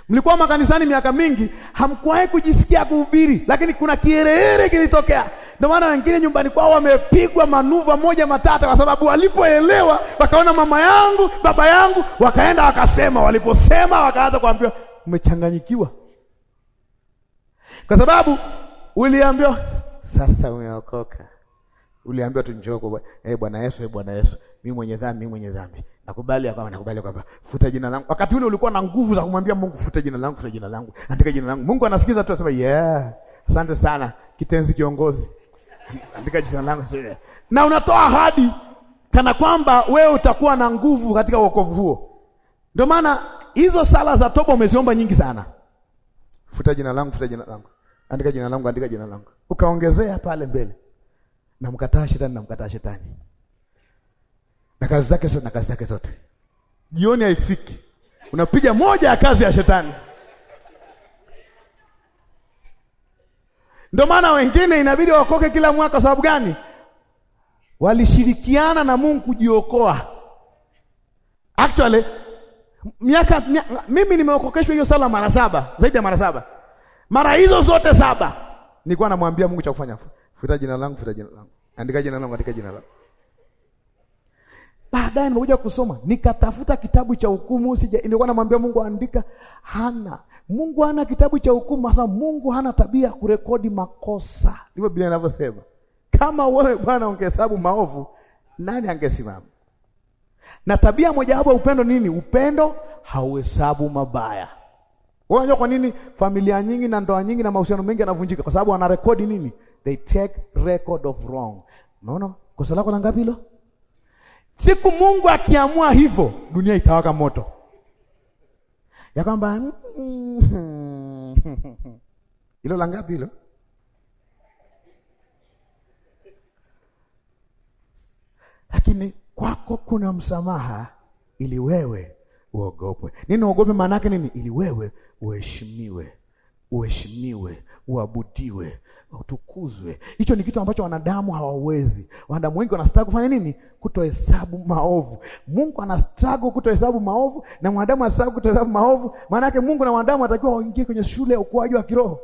Mlikuwa makanisani miaka mingi, hamkuwahi kujisikia kuhubiri, lakini kuna kiherehere kilitokea ndio maana wengine nyumbani kwao wamepigwa manuva moja matata, kwa sababu walipoelewa wakaona mama yangu baba yangu, wakaenda wakasema, waliposema wakaanza kuambiwa umechanganyikiwa, kwa sababu uliambiwa sasa umeokoka, uliambiwa tu njoo kwa eh, Bwana Yesu, eh, Bwana Yesu, mimi mwenye dhambi, mimi mwenye dhambi Nakubali ya kwamba nakubali kwamba futa jina langu. Wakati ule ulikuwa na nguvu za kumwambia Mungu futa jina langu, futa jina langu, andika jina langu. Mungu anasikiza tu, asema yeah, asante sana, kitenzi kiongozi andika jina langu na unatoa ahadi kana kwamba wewe utakuwa na nguvu katika wokovu huo. Ndio maana hizo sala za toba umeziomba nyingi sana, futa jina langu, futa jina langu, andika jina langu, andika jina langu, ukaongezea pale mbele, mkataa shetani, mkataa shetani na kazi zake zote, na kazi zake zote. Jioni haifiki unapiga moja ya kazi ya shetani. Ndio maana wengine inabidi waokoke kila mwaka. Kwa sababu gani? Walishirikiana na Mungu kujiokoa. Actually miaka, miaka mimi nimeokokeshwa hiyo sala mara saba, zaidi ya mara saba. Mara hizo zote saba nilikuwa namwambia Mungu cha kufanya, futa jina langu, futa jina langu, andika jina langu, andika jina langu. Baadaye nimekuja kusoma nikatafuta kitabu cha hukumu sija, nilikuwa namwambia Mungu andika, hana Mungu hana kitabu cha hukumu. hasa Mungu hana tabia kurekodi makosa, ndivyo Biblia inavyosema. Kama wewe Bwana ungehesabu maovu, nani angesimama? Na tabia mojawapo ya upendo nini? Upendo hauhesabu mabaya. Wewe unajua kwa nini familia nyingi na ndoa nyingi na mahusiano mengi yanavunjika? Kwa sababu wanarekodi nini? They take record of wrong. Unaona kosa lako la ngapi hilo? Siku Mungu akiamua hivyo, dunia itawaka moto ya kwamba mm, hilo la ngapi hilo? Lakini kwako kuna msamaha ili wewe uogopwe. Nini uogope? Maana yake nini? Ili wewe uheshimiwe, uheshimiwe, uabudiwe, utukuzwe. Hicho ni kitu ambacho wanadamu hawawezi. Wanadamu wengi wanastruggle kufanya nini? Kutohesabu maovu. Mungu anastruggle kutohesabu maovu na mwanadamu anastruggle kutohesabu maovu. Maana yake Mungu na wanadamu anatakiwa waingie kwenye shule ya ukuaji wa kiroho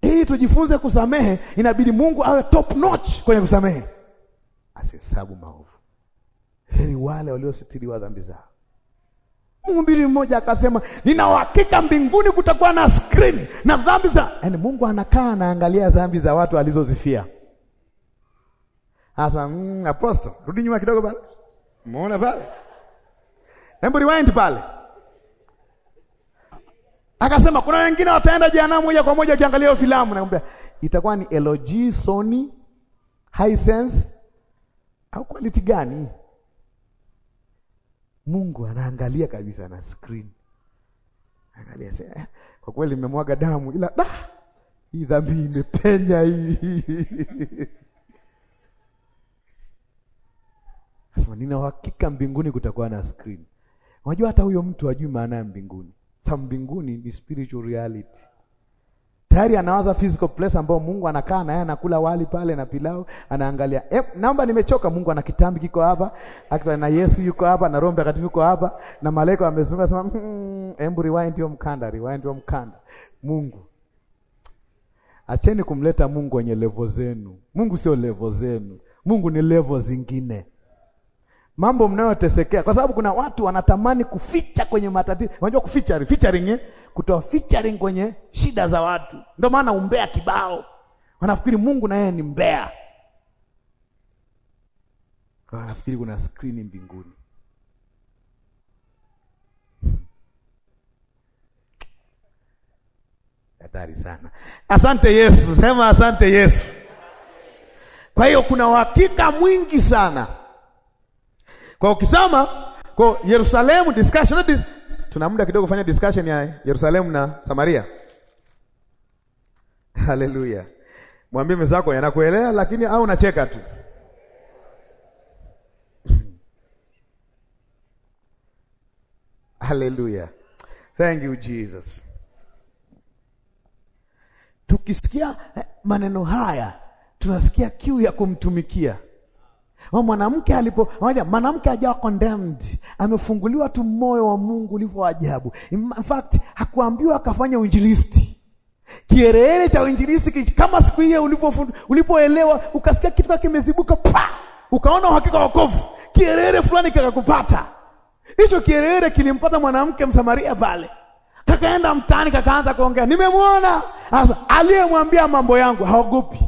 ili tujifunze kusamehe. Inabidi Mungu awe top notch kwenye kusamehe, asihesabu maovu. Heri wale waliositiriwa dhambi zao. Mhubiri mmoja akasema, nina uhakika mbinguni kutakuwa na screen na dhambi za yani, Mungu anakaa anaangalia dhambi za watu alizozifia. Asa mm, aposto, rudi nyuma kidogo pale, muone pale, hebu rewind pale. Akasema kuna wengine wataenda jehanamu moja kwa moja ukiangalia filamu, nakwambia itakuwa ni LG, Sony, Hisense au quality gani? Mungu anaangalia kabisa na screen. Angalia sasa. Eh, kwa kweli nimemwaga damu ila da ah, hii dhambi imepenya hii. Sasa nina uhakika mbinguni kutakuwa na screen. Unajua hata huyo mtu ajui maana ya mbinguni. Sasa mbinguni ni spiritual reality tayari anawaza physical place ambao Mungu anakaa naye anakula wali pale na pilau, anaangalia e, naomba nimechoka. Mungu ana kitambi kiko hapa, akiwa na Yesu yuko hapa na Roho Mtakatifu yuko hapa na malaika wamezunguka, sema mmm, embu rewind hiyo mkanda, rewind hiyo mkanda. Mungu, acheni kumleta Mungu kwenye levo zenu. Mungu sio levo zenu, Mungu ni levo zingine mambo mnayotesekea, kwa sababu kuna watu wanatamani kuficha kwenye matatizo. Unajua kuficha, featuring eh? kutoa featuring kwenye shida za watu. Ndio maana umbea kibao, wanafikiri Mungu na yeye ni mbea, wanafikiri kuna screen mbinguni. Hatari sana. Asante Yesu, sema asante Yesu. Kwa hiyo kuna uhakika mwingi sana kwa ukisoma kwa Yerusalemu discussion tuna muda kidogo kufanya discussion ya Yerusalemu na Samaria. Haleluya. Mwambie mwenzako yanakuelewa, lakini au unacheka tu. Haleluya. Thank you Jesus. Tukisikia eh, maneno haya tunasikia kiu ya kumtumikia. Mwanamke alipo mwanamke ajawa condemned, amefunguliwa tu moyo wa Mungu ulivyo ajabu. In fact hakuambiwa akafanya uinjilisti. kierehere cha uinjilisti kama siku hiyo ulipoelewa, ukasikia kitu kama kimezibuka pa, ukaona uhakika wa wokovu, kierehere fulani kikakupata. Hicho kierehere kilimpata mwanamke Msamaria pale, kakaenda mtaani, kakaanza kuongea, nimemwona sasa aliyemwambia mambo yangu haogopi.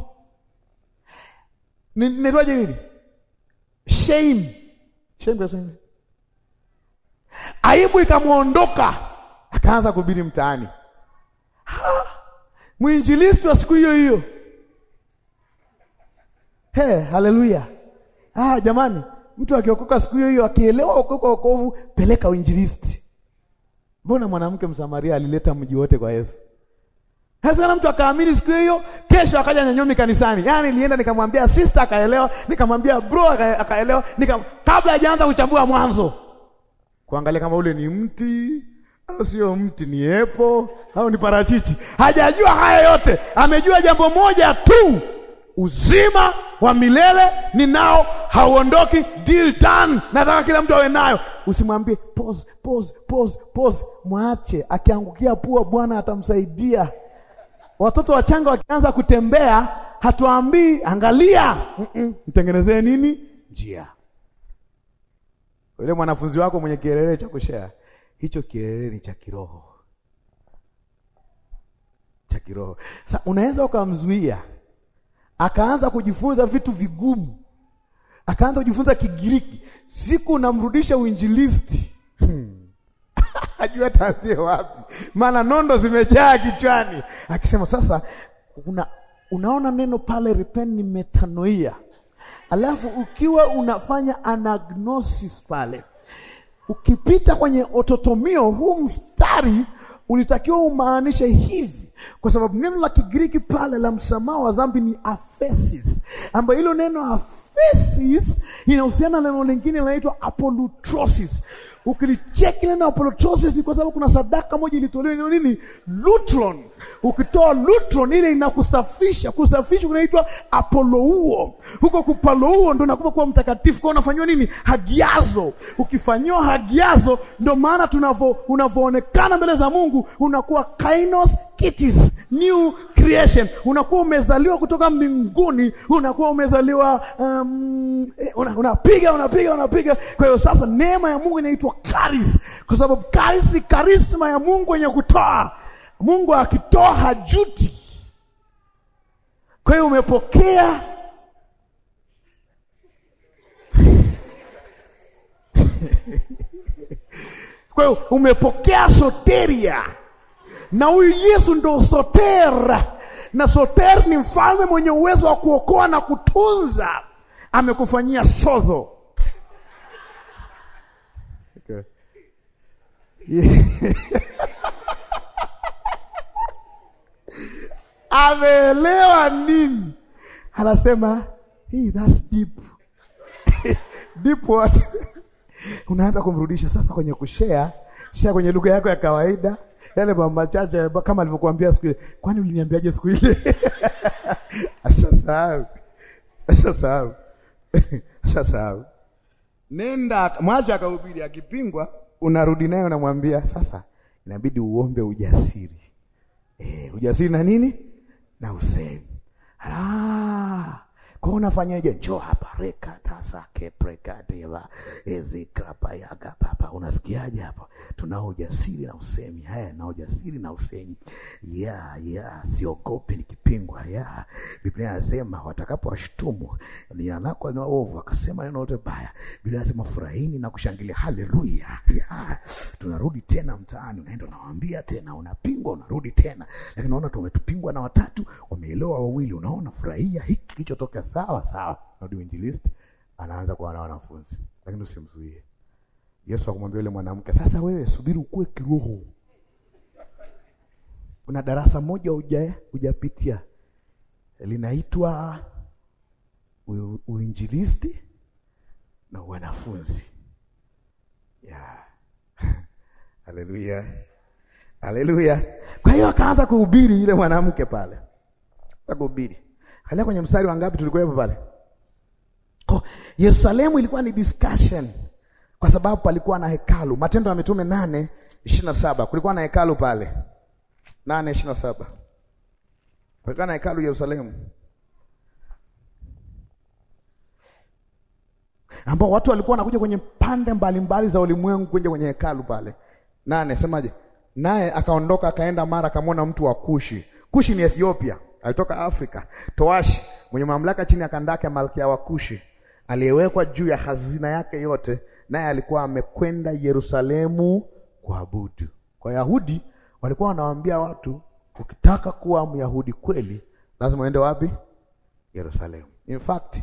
Nitaje hili shame shame, aibu ikamwondoka, akaanza kuhubiri mtaani. Mwinjilisti wa siku hiyo hiyo. Hey, haleluya! Ah, jamani, mtu akiokoka siku hiyo hiyo, akielewa okoka wokovu, peleka uinjilisti. Mbona mwanamke Msamaria alileta mji wote kwa Yesu? Hasa mtu akaamini siku hiyo, kesho akaja nyanyumi kanisani. Yaani nilienda nikamwambia sister akaelewa, nikamwambia bro akaelewa, nika kabla hajaanza kuchambua mwanzo. Kuangalia kama ule ni mti au sio mti, ni epo au ni parachichi. Hajajua haya yote, amejua jambo moja tu, uzima wa milele ninao, hauondoki. Deal done, nataka kila mtu awe nayo. Usimwambie pause pause pause pause, mwache akiangukia pua, Bwana atamsaidia. Watoto wachanga wakianza kutembea, hatuambii angalia, mtengenezee nini njia. Yule mwanafunzi wako mwenye kielele cha kushea, hicho kielele ni cha kiroho, cha kiroho. Sa unaweza ukamzuia akaanza kujifunza vitu vigumu, akaanza kujifunza Kigiriki, siku unamrudisha uinjilisti. Hmm hajua tanzie wapi, maana nondo zimejaa kichwani, akisema sasa una, unaona neno pale repent ni metanoia, alafu ukiwa unafanya anagnosis pale, ukipita kwenye ototomio, huu mstari ulitakiwa umaanishe hivi kwa sababu neno la Kigiriki pale la msamaha wa dhambi ni aphesis, ambayo hilo neno aphesis inahusiana na neno lingine linaloitwa apolutrosis. Ukilicheki neno apolotosis ni kwa sababu kuna sadaka moja ilitolewa, neno nini? Lutron Ukitoa lutron ile inakusafisha. Kusafisha kunaitwa apolouo. Huko kupalouo ndo nakupa kuwa mtakatifu. Kwa unafanyiwa nini? Hagiazo. Ukifanyiwa hagiazo, ndo maana tunavo unavoonekana mbele za Mungu, unakuwa kainos kitis, new creation. Unakuwa umezaliwa kutoka mbinguni, unakuwa umezaliwa um, eh, una, unapiga unapiga unapiga. Kwa hiyo sasa neema ya Mungu inaitwa charis, kwa sababu charis ni karisma ya Mungu yenye kutoa Mungu akitoa hajuti. Kwa hiyo umepokea kwa hiyo umepokea soteria, na huyu Yesu ndo sotera, na soter ni mfalme mwenye uwezo wa kuokoa na kutunza. Amekufanyia sozo okay. ameelewa nini? Anasema hey, that's deep deep what unaanza kumrudisha sasa kwenye kushare share kwenye lugha yako ya kawaida, yale mambo machache kama alivyokuambia siku ile. Kwani uliniambiaje siku ile? Ashasahau, ashasahau, ashasahau. Nenda mwache akahubiri, akipingwa unarudi naye unamwambia sasa, inabidi uombe ujasiri. Eh, ujasiri na nini? na Hussein. Ala! Kwa unafanyaje? Njoo hapa reka tasake prekativa ezikrapa yaga papa. Unasikiaje hapo? Tunao ujasiri na usemi. Haya, na ujasiri na usemi. Ya ya, siogope nikipingwa. Ya, Biblia inasema watakapowashtumu ni anako ni waovu, akasema neno lote baya. Biblia inasema furahini na kushangilia. Haleluya! Tunarudi tena mtaani, unaenda unawaambia tena, unapingwa, unarudi tena. Lakini unaona tumetupingwa na watatu, wameelewa wawili. Unaona, furahia hiki kilichotokea sawa sawa, ndio uinjilisti anaanza kuwa na wanafunzi, lakini usimzuie. Yesu akamwambia yule mwanamke, sasa wewe subiri ukue kiroho, kuna darasa moja uja hujapitia linaitwa uinjilisti na wanafunzi yeah. Haleluya, haleluya! Kwa hiyo akaanza kuhubiri yule mwanamke pale, akahubiri Angalia kwenye mstari wa ngapi tulikuwepo pale. Kwa Yerusalemu ilikuwa ni discussion kwa sababu palikuwa na hekalu. Matendo ya Mitume nane ishirini na saba kulikuwa na hekalu pale, nane ishirini na saba kulikuwa na hekalu Yerusalemu, ambao watu walikuwa wanakuja kwenye pande mbalimbali za ulimwengu kuja kwenye hekalu pale. Nane semaje? Naye akaondoka akaenda, mara akamwona mtu wa Kushi. Kushi ni Ethiopia alitoka Afrika. Toashi mwenye mamlaka chini ya kandake ya malkia wa Kushi aliyewekwa juu ya hazina yake yote, naye alikuwa amekwenda Yerusalemu kuabudu. Kwa Yahudi walikuwa wanawaambia watu, ukitaka kuwa Myahudi kweli lazima uende wapi? Yerusalemu. In fact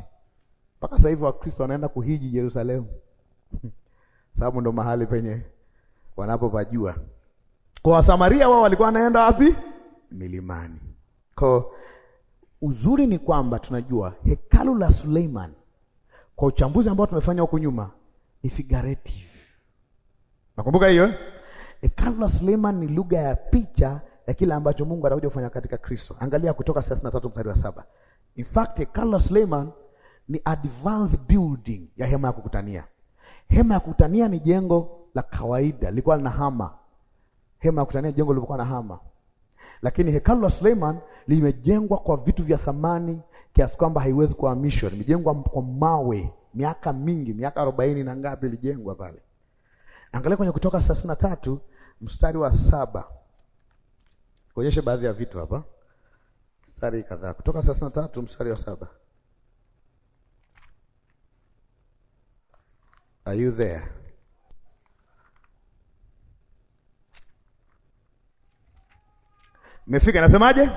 mpaka sasa hivi Wakristo wanaenda kuhiji Yerusalemu sababu ndo mahali penye wanapopajua. Kwa Wasamaria wao walikuwa wanaenda wapi? Milimani. Kwa uzuri ni kwamba tunajua hekalu la Suleiman kwa uchambuzi ambao tumefanya huko nyuma ni figurative. Nakumbuka hiyo eh? hekalu la Suleiman ni lugha ya picha ya kile ambacho Mungu atakuja kufanya katika Kristo. Angalia Kutoka 33 mstari wa saba. In fact, hekalu la Suleiman ni advanced building ya hema ya kukutania. Hema ya kukutania ni jengo la kawaida, lilikuwa lina hama. Hema ya kukutania jengo lilikuwa na hama. Lakini hekalu la Suleiman limejengwa kwa vitu vya thamani kiasi kwamba haiwezi kuhamishwa. Limejengwa kwa mawe miaka mingi, miaka arobaini na ngapi ilijengwa pale. Angalia kwenye Kutoka thelathini na tatu mstari wa saba kuonyesha baadhi ya vitu hapa, mstari kadhaa. Kutoka thelathini na tatu mstari wa saba Are you there? mefika nasemaje?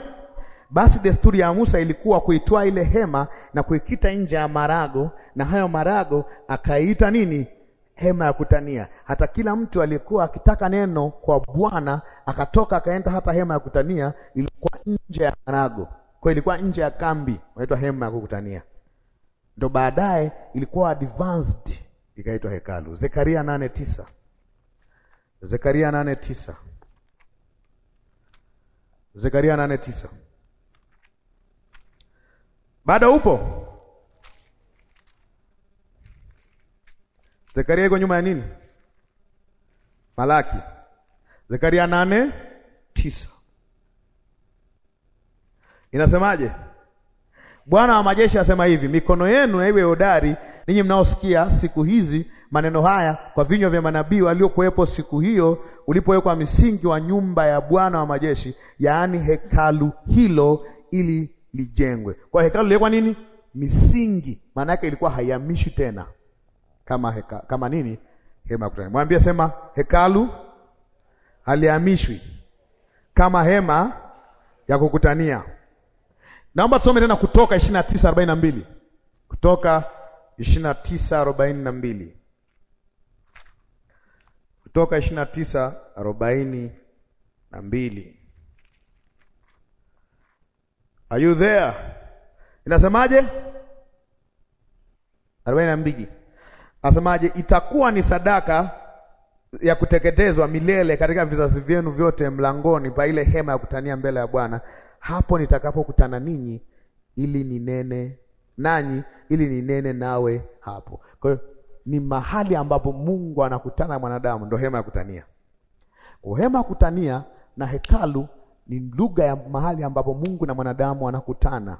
Basi desturi ya Musa ilikuwa kuitoa ile hema na kuikita nje ya marago, na hayo marago akaiita nini? Hema ya kutania. Hata kila mtu alikuwa akitaka neno kwa Bwana akatoka akaenda, hata hema ya kutania ilikuwa nje ya marago, kwa ilikuwa nje ya kambi, inaitwa hema ya kukutania. Ndo baadaye ilikuwa advanced ikaitwa hekalu. Zekaria 8:9, Zekaria 8:9. Zekaria nane tisa. Bado upo? Zekaria iko nyuma ya nini? Malaki. Zekaria nane tisa inasemaje? Bwana wa majeshi asema hivi, mikono yenu na iwe hodari, ninyi mnaosikia siku hizi maneno haya kwa vinywa vya manabii waliokuwepo siku hiyo ulipowekwa msingi wa nyumba ya Bwana wa majeshi, yaani hekalu hilo ili lijengwe. Kwa hekalu liwekwa nini? Misingi, maana yake ilikuwa haihamishi tena kama heka, kama nini hema ya kutani. Mwambie sema hekalu halihamishwi kama hema ya kukutania. Naomba tusome tena Kutoka 29:42. Kutoka 29:42. Kutoka ishirini na tisa arobaini na mbili. Are you there? Inasemaje? arobaini na mbili asemaje? Itakuwa ni sadaka ya kuteketezwa milele katika vizazi vyenu vyote mlangoni pa ile hema ya kutania mbele ya Bwana, hapo nitakapokutana ninyi ili ninene nanyi, ili ninene nawe hapo. Kwa hiyo ni mahali ambapo Mungu anakutana na mwanadamu, ndio hema ya kutania. Kwa hema ya kutania na hekalu ni lugha ya mahali ambapo Mungu na mwanadamu anakutana.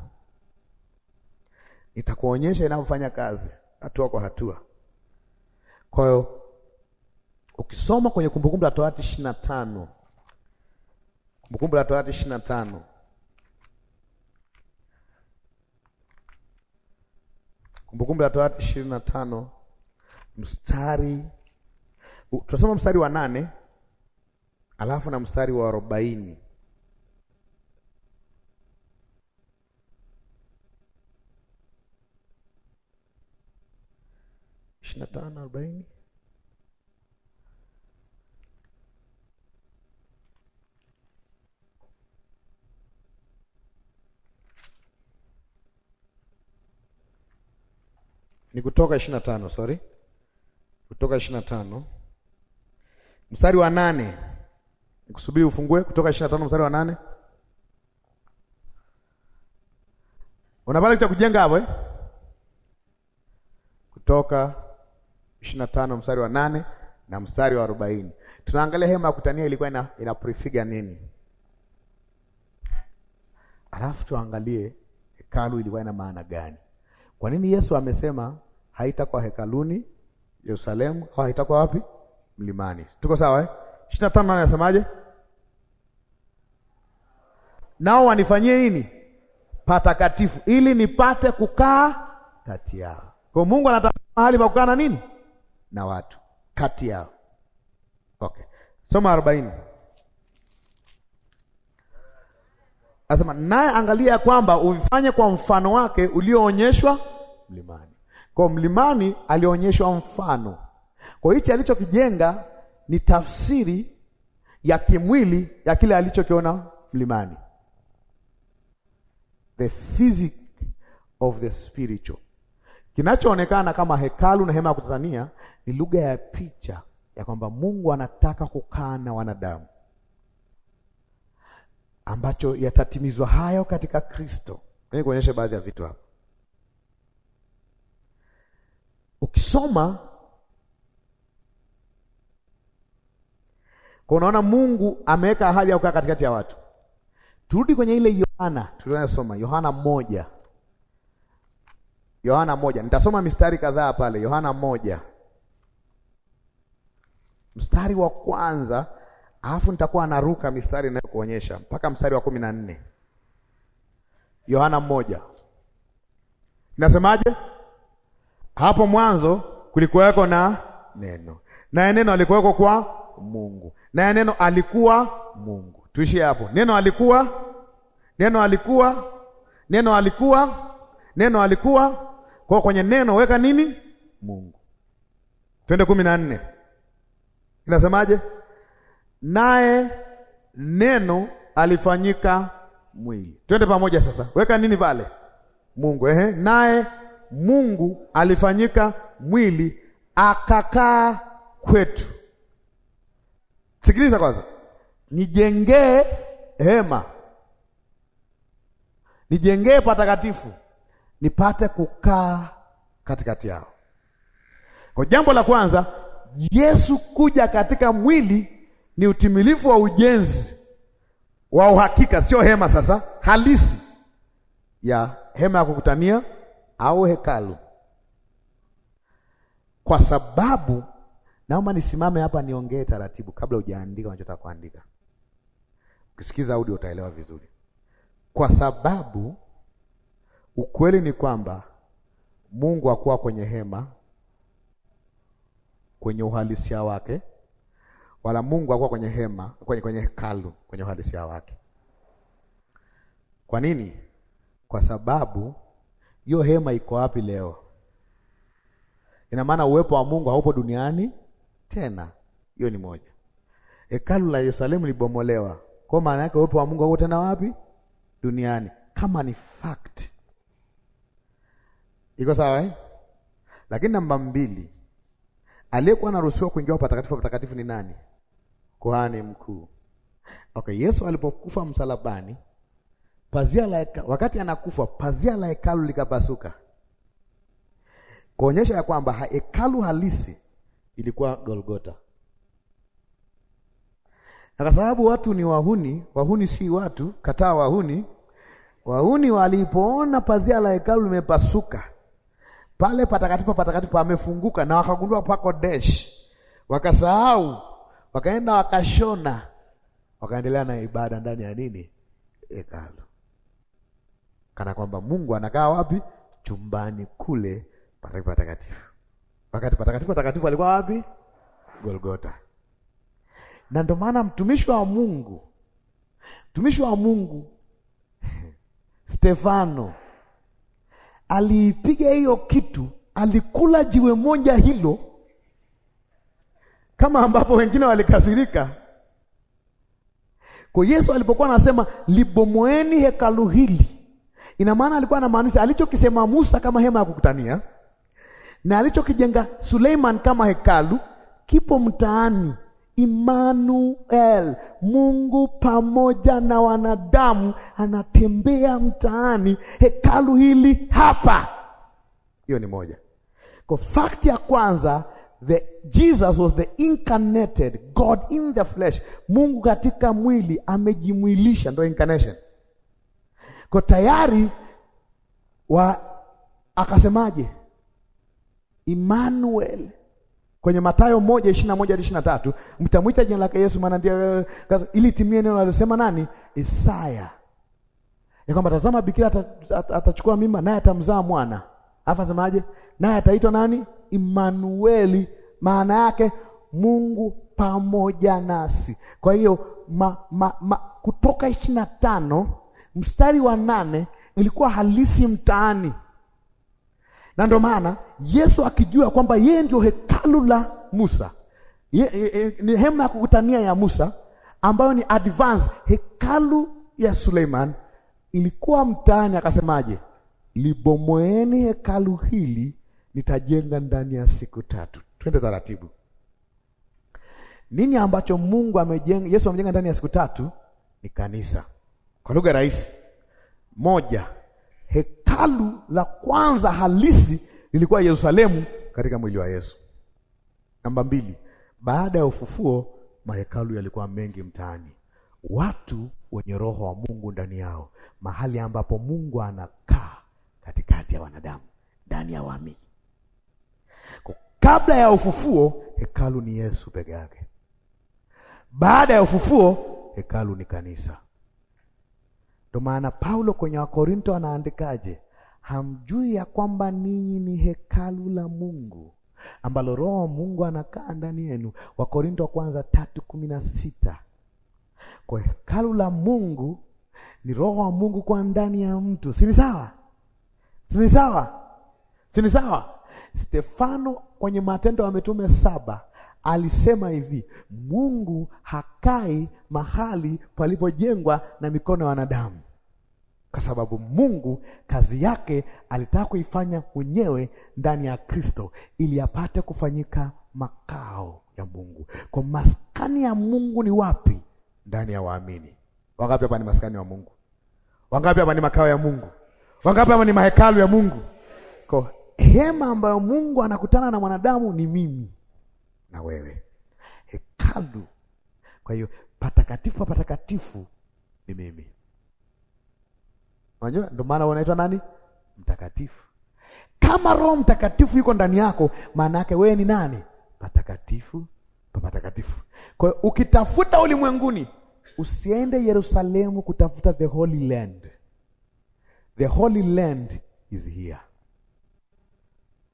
Nitakuonyesha inavyofanya kazi hatua kwa hatua. Kwa hiyo ukisoma kwenye Kumbukumbu la Torati 25 Kumbukumbu la Torati 25 Kumbukumbu la Torati ishirini na tano mstari tunasoma mstari wa nane alafu na mstari wa arobaini ishirini na tano arobaini ni Kutoka ishirini na tano sorry kutoka ishirini na tano mstari wa nane nikusubiri ufungue. Kutoka ishirini na tano mstari wa nane unapata cha kujenga hapo eh? Kutoka ishirini na tano mstari wa nane na mstari wa arobaini tunaangalia hema ya kutania ilikuwa ina, ina prefigure nini, alafu tuangalie hekalu ilikuwa ina maana gani? Kwa nini Yesu amesema haitakuwa hekaluni Yerusalemu au itakuwa wapi? Mlimani. Tuko sawa eh? 25 na tano anasemaje? Nao wanifanyie nini? Patakatifu, ili nipate kukaa kati yao. Kwa Mungu anatafuta mahali pa kukaa na nini na watu kati yao. Okay, soma arobaini. Anasema naye, angalia ya kwamba uvifanye kwa mfano wake ulioonyeshwa mlimani. Kwa mlimani alionyeshwa mfano. Kwa hichi alichokijenga ni tafsiri ya kimwili ya kile alichokiona mlimani. The physic of the spiritual. Kinachoonekana kama hekalu na hema ya kutatania ni lugha ya picha ya kwamba Mungu anataka kukaa na wanadamu, ambacho yatatimizwa hayo katika Kristo. Nikuonyeshe baadhi ya vitu hapo. Ukisoma kwa unaona Mungu ameweka ahadi ya kukaa katikati ya watu. Turudi kwenye ile Yohana tuliosoma, Yohana moja, Yohana moja. Nitasoma mistari kadhaa pale. Yohana moja mstari wa kwanza, alafu nitakuwa naruka mistari inayokuonyesha mpaka mstari wa kumi na nne. Yohana moja inasemaje? Hapo mwanzo kulikuweko na neno, naye neno alikuweko kwa Mungu, naye neno alikuwa Mungu. Tuishi hapo. Neno alikuwa, neno alikuwa, neno alikuwa, neno alikuwa. Kwa kwenye neno weka nini? Mungu. Twende kumi na nne, inasemaje? Naye neno alifanyika mwili. Twende pamoja sasa, weka nini pale? Mungu. Ehe, naye Mungu alifanyika mwili akakaa kwetu. Sikiliza kwanza, nijengee hema, nijengee patakatifu, nipate kukaa katikati yao. Kwa jambo la kwanza, Yesu kuja katika mwili ni utimilifu wa ujenzi wa uhakika, sio hema sasa halisi ya hema ya kukutania au hekalu, kwa sababu naomba nisimame hapa niongee taratibu, kabla hujaandika unachotaka kuandika. Ukisikiza audio utaelewa vizuri, kwa sababu ukweli ni kwamba Mungu hakuwa kwenye hema kwenye uhalisia wake, wala Mungu hakuwa kwenye hema kwenye, kwenye hekalu kwenye uhalisia wake. Kwa nini? Kwa sababu hiyo hema iko wapi leo? Ina maana uwepo wa Mungu haupo duniani tena. Hiyo ni moja. Hekalu la Yerusalemu libomolewa, kwa maana yake uwepo wa Mungu hauko tena wapi duniani, kama ni fact iko sawa eh? Lakini namba mbili, aliyekuwa anaruhusiwa kuingia patakatifu patakatifu ni nani? Kuhani mkuu. Okay, Yesu alipokufa msalabani pazia la hekalu, wakati anakufa pazia la hekalu likapasuka, kuonyesha ya kwamba hekalu halisi ilikuwa Golgota. Na kwa sababu watu ni wahuni, wahuni si watu, kataa wahuni. Wahuni walipoona pazia la hekalu limepasuka, pale patakatifu patakatifu pamefunguka, na wakagundua pako desh, wakasahau, wakaenda wakashona, wakaendelea na ibada ndani ya nini, hekalu kana kwamba Mungu anakaa wapi? Chumbani kule patakatifu. Wakati patakatifu patakatifu alikuwa wapi? Golgota. Na ndio maana mtumishi wa Mungu, mtumishi wa Mungu Stefano aliipiga hiyo kitu, alikula jiwe moja hilo, kama ambapo wengine walikasirika. Kwa Yesu alipokuwa anasema libomoeni hekalu hili Ina maana alikuwa anamaanisha alichokisema Musa kama hema ya kukutania na alichokijenga Suleiman kama hekalu kipo mtaani. Immanuel, Mungu pamoja na wanadamu, anatembea mtaani. Hekalu hili hapa. Hiyo ni moja. Kwa fact ya kwanza, the Jesus was the incarnated God in the flesh. Mungu katika mwili amejimwilisha, ndio incarnation. Kwa tayari wa akasemaje? Emmanuel kwenye Mathayo moja ishirini na moja hadi ishirini na tatu mtamwita jina lake Yesu, maana ndiye ili timie neno alilosema nani? Isaya ya kwamba tazama, bikira atachukua mimba naye atamzaa mwana, alafu asemaje? Naye ataitwa nani? imanueli maana yake Mungu pamoja nasi. Kwa hiyo ma, ma, ma, Kutoka ishirini na tano mstari wa nane ilikuwa halisi mtaani, na ndio maana Yesu akijua kwamba yeye ndio hekalu la Musa ye, ye, e, ni hema ya kukutania ya Musa ambayo ni advance hekalu ya Suleiman ilikuwa mtaani, akasemaje? Libomoeni hekalu hili, nitajenga ndani ya siku tatu. Twende taratibu. Nini ambacho Mungu amejenga, Yesu amejenga ndani ya siku tatu? Ni kanisa. Kwa lugha rahisi moja, hekalu la kwanza halisi lilikuwa Yerusalemu katika mwili wa Yesu. Namba mbili, baada ya ufufuo mahekalu yalikuwa mengi mtaani, watu wenye roho wa Mungu ndani yao, mahali ambapo Mungu anakaa katikati ya wanadamu, ndani ya waamini. Kabla ya ufufuo hekalu ni Yesu peke yake. Baada ya ufufuo hekalu ni kanisa. Ndio maana Paulo kwenye Wakorinto anaandikaje? Hamjui ya kwamba ninyi ni hekalu la Mungu ambalo Roho wa Mungu anakaa ndani yenu. Wakorinto wa kwanza tatu kumi na sita. Kwa hekalu la Mungu ni Roho wa Mungu kwa ndani ya mtu, si ni sawa? Si ni sawa? Si ni sawa? Stefano kwenye Matendo ya Mitume saba alisema hivi, Mungu hakai mahali palipojengwa na mikono ya wanadamu kwa sababu Mungu kazi yake alitaka kuifanya mwenyewe ndani ya Kristo ili apate kufanyika makao ya Mungu. Kwa maskani ya Mungu ni wapi? Ndani ya waamini. Wangapi hapa ni maskani wa Mungu? Wangapi hapa ni makao ya Mungu? Wangapi hapa ni mahekalu ya Mungu? Kwa hema ambayo Mungu anakutana na mwanadamu ni mimi na wewe, hekalu. Kwa hiyo patakatifu patakatifu ni mimi Unajua ndio maana unaitwa nani? Mtakatifu. Kama Roho Mtakatifu yuko ndani yako, maana yake wewe ni nani? Patakatifu, patakatifu. Kwa hiyo ukitafuta ulimwenguni, usiende Yerusalemu kutafuta the Holy Land. The Holy Land is here.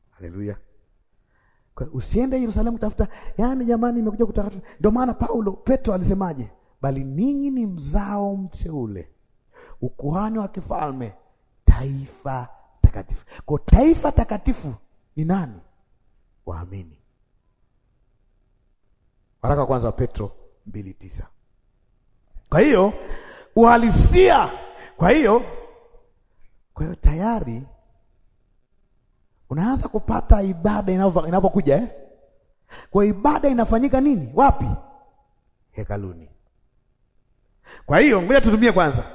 Haleluya. Usiende Yerusalemu kutafuta yaani jamani, imekuja kutafuta. Ndio maana Paulo Petro alisemaje? Bali ninyi ni mzao mteule ukuhani wa kifalme, taifa takatifu. Kwa taifa takatifu ni nani? Waamini. Waraka wa kwanza wa Petro mbili tisa. Kwa hiyo uhalisia, kwa hiyo kwa hiyo tayari unaanza kupata ibada inapokuja eh? Kwa ibada inafanyika nini? Wapi? Hekaluni. Kwa hiyo ngoja tutumie kwanza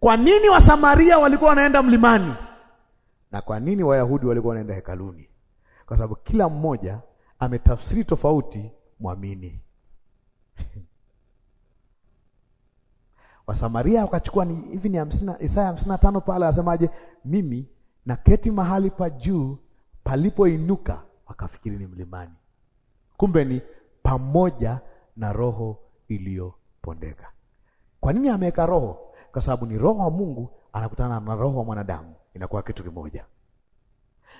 kwa nini Wasamaria walikuwa wanaenda mlimani na kwa nini Wayahudi walikuwa wanaenda hekaluni? Kwa sababu kila mmoja ametafsiri tofauti mwamini. Wasamaria wakachukua ni hivi ni Isaya hamsini na tano pale asemaje? Mimi naketi mahali pa juu palipoinuka, wakafikiri ni mlimani, kumbe ni pamoja na roho iliyopondeka. Kwa nini ameweka roho? kwa sababu ni roho wa Mungu anakutana na roho wa mwanadamu, inakuwa kitu kimoja.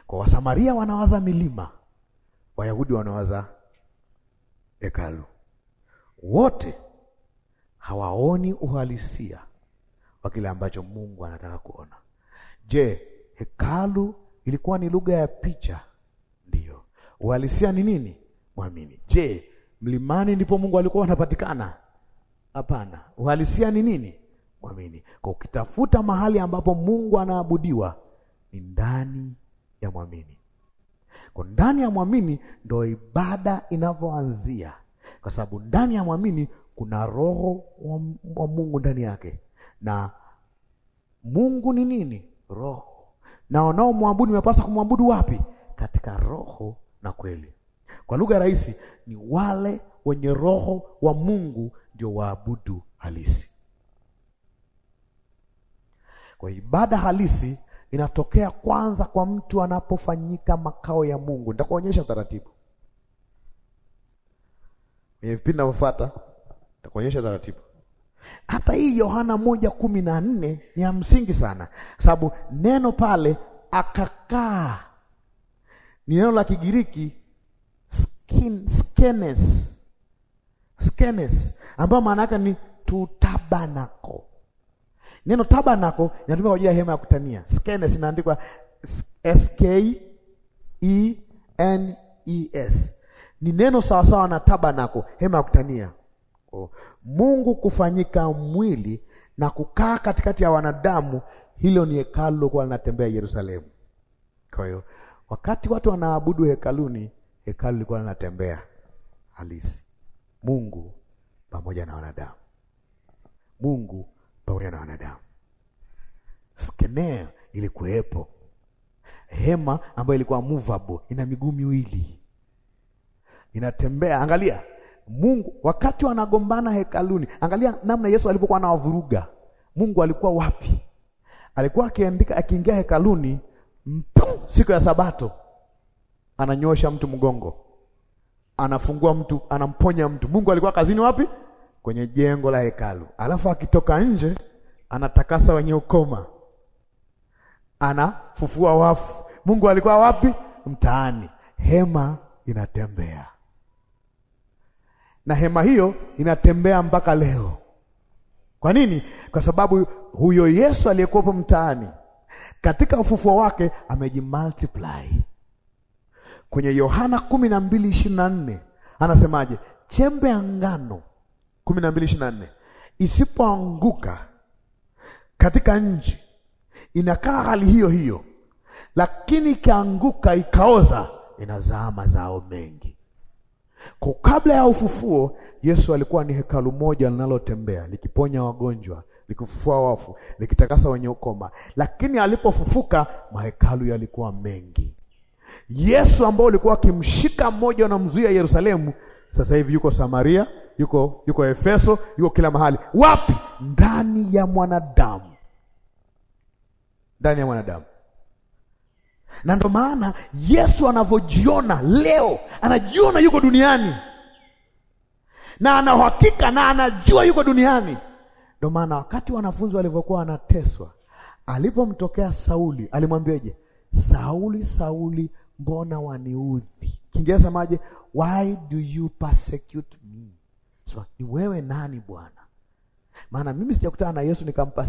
Kwa Wasamaria wanawaza milima, Wayahudi wanawaza hekalu. Wote hawaoni uhalisia wa kile ambacho Mungu anataka kuona. Je, hekalu ilikuwa ni lugha ya picha? Ndiyo. Uhalisia ni nini? Mwamini. Je, mlimani ndipo Mungu alikuwa anapatikana? Hapana. Uhalisia ni nini? mwamini. Kwa ukitafuta mahali ambapo Mungu anaabudiwa ni ndani ya mwamini. Kwa ndani ya mwamini ndio ibada inavyoanzia, kwa sababu ndani ya mwamini kuna roho wa Mungu ndani yake, na Mungu ni nini? Roho. Na wanaomwabudu mepasa kumwabudu wapi? Katika roho na kweli. Kwa lugha rahisi, ni wale wenye roho wa Mungu ndio waabudu halisi. Kwa ibada halisi inatokea kwanza kwa mtu anapofanyika makao ya Mungu. Nitakuonyesha taratibu kwenye vipindi vinavyofuata, nitakuonyesha taratibu. Hata hii Yohana moja kumi na nne ni ya msingi sana, sababu neno pale akakaa ni neno la Kigiriki skin, skenes, skenes ambayo maana yake ni tutabanako Neno tabanako inatumika kwa ajili ya hema ya kutania. Skenes inaandikwa S K E N E S. Ni neno sawasawa na tabanako, hema ya kutania. Oh. Mungu kufanyika mwili na kukaa katikati ya wanadamu, hilo ni hekalu lilokuwa linatembea Yerusalemu. Kwa hiyo wakati watu wanaabudu hekaluni, hekalu lilikuwa linatembea halisi, Mungu pamoja na wanadamu. Mungu pamoja na wanadamu. Skenea ilikuwepo, hema ambayo ilikuwa movable, ina miguu miwili, inatembea. Angalia Mungu wakati wanagombana hekaluni, angalia namna Yesu alipokuwa anawavuruga. Mungu alikuwa wapi? Alikuwa akiandika, akiingia hekaluni mpum, siku ya Sabato ananyosha mtu mgongo, anafungua mtu, anamponya mtu. Mungu alikuwa kazini wapi? kwenye jengo la hekalu, alafu akitoka nje anatakasa wenye ukoma, anafufua wafu. Mungu alikuwa wapi? Mtaani. Hema inatembea, na hema hiyo inatembea mpaka leo. Kwa nini? Kwa sababu huyo Yesu aliyekuwepo mtaani katika ufufuo wake amejimultiply. Kwenye Yohana kumi na mbili ishirini na nne anasemaje? Chembe ya ngano kumi na mbili ishirini na nne isipoanguka katika nchi inakaa hali hiyo hiyo, lakini ikianguka ikaoza inazaa mazao mengi. Kwa kabla ya ufufuo, Yesu alikuwa ni hekalu moja linalotembea likiponya wagonjwa, likifufua wafu, likitakasa wenye ukoma, lakini alipofufuka mahekalu yalikuwa mengi. Yesu ambao ulikuwa akimshika mmoja mzuia Yerusalemu, sasa hivi yuko Samaria yuko yuko Efeso, yuko kila mahali. Wapi? Ndani ya mwanadamu, ndani ya mwanadamu. Na ndio maana Yesu anavyojiona leo, anajiona yuko duniani na ana uhakika na anajua yuko duniani. Ndio maana wakati wanafunzi walivyokuwa wanateswa, alipomtokea Sauli alimwambiaje? Sauli, Sauli, mbona waniudhi? Kiingereza semaje? Why do you persecute so, ni wewe nani Bwana? Maana mimi sijakutana na Yesu nikampa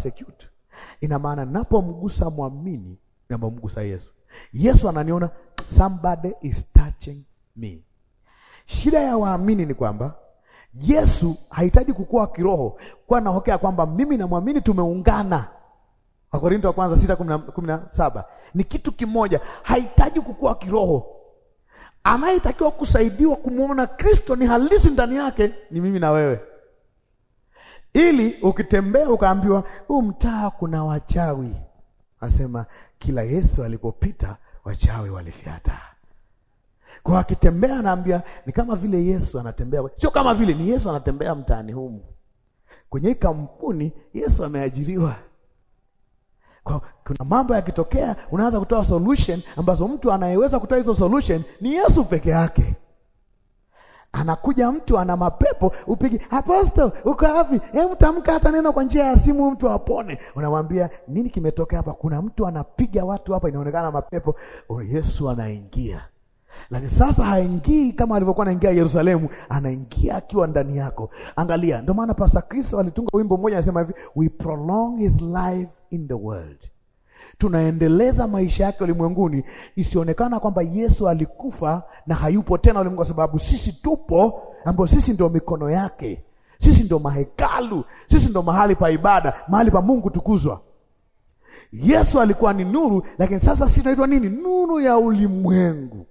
Ina maana napomgusa mwamini napomgusa Yesu, Yesu ananiona somebody is touching me. Shida ya waamini ni kwamba Yesu hahitaji kukua kiroho kwa naokea kwamba mimi na mwamini tumeungana. wakorinto wa kwanza sita kumi na saba ni kitu kimoja, hahitaji kukua kiroho anayetakiwa kusaidiwa kumwona Kristo ni halisi ndani yake ni mimi na wewe, ili ukitembea ukaambiwa huu mtaa kuna wachawi, asema kila Yesu alipopita wachawi walifyata. Kwa akitembea anaambia ni kama vile Yesu anatembea, sio kama vile ni Yesu anatembea mtaani humu. Kwenye hii kampuni Yesu ameajiriwa kwa kuna mambo yakitokea, unaanza kutoa solution ambazo mtu anayeweza kutoa hizo solution ni Yesu peke yake. Anakuja mtu ana mapepo, upigi aposto, uko wapi? Hebu tamka hata neno kwa njia ya simu, mtu apone. Unamwambia nini kimetokea hapa? Kuna mtu anapiga watu hapa, inaonekana mapepo. O, Yesu anaingia lakini sasa haingii kama alivyokuwa anaingia Yerusalemu, anaingia akiwa ndani yako. Angalia, ndio maana Pastor Chris alitunga wimbo mmoja anasema hivi, we prolong his life in the world. Tunaendeleza maisha yake ulimwenguni, isionekana kwamba Yesu alikufa na hayupo tena ulimwengu, kwa sababu sisi tupo, ambapo sisi ndio mikono yake, sisi ndio mahekalu, sisi ndio mahali pa ibada, mahali pa Mungu tukuzwa. Yesu alikuwa ni nuru, lakini sasa sisi tunaitwa nini? Nuru ya ulimwengu,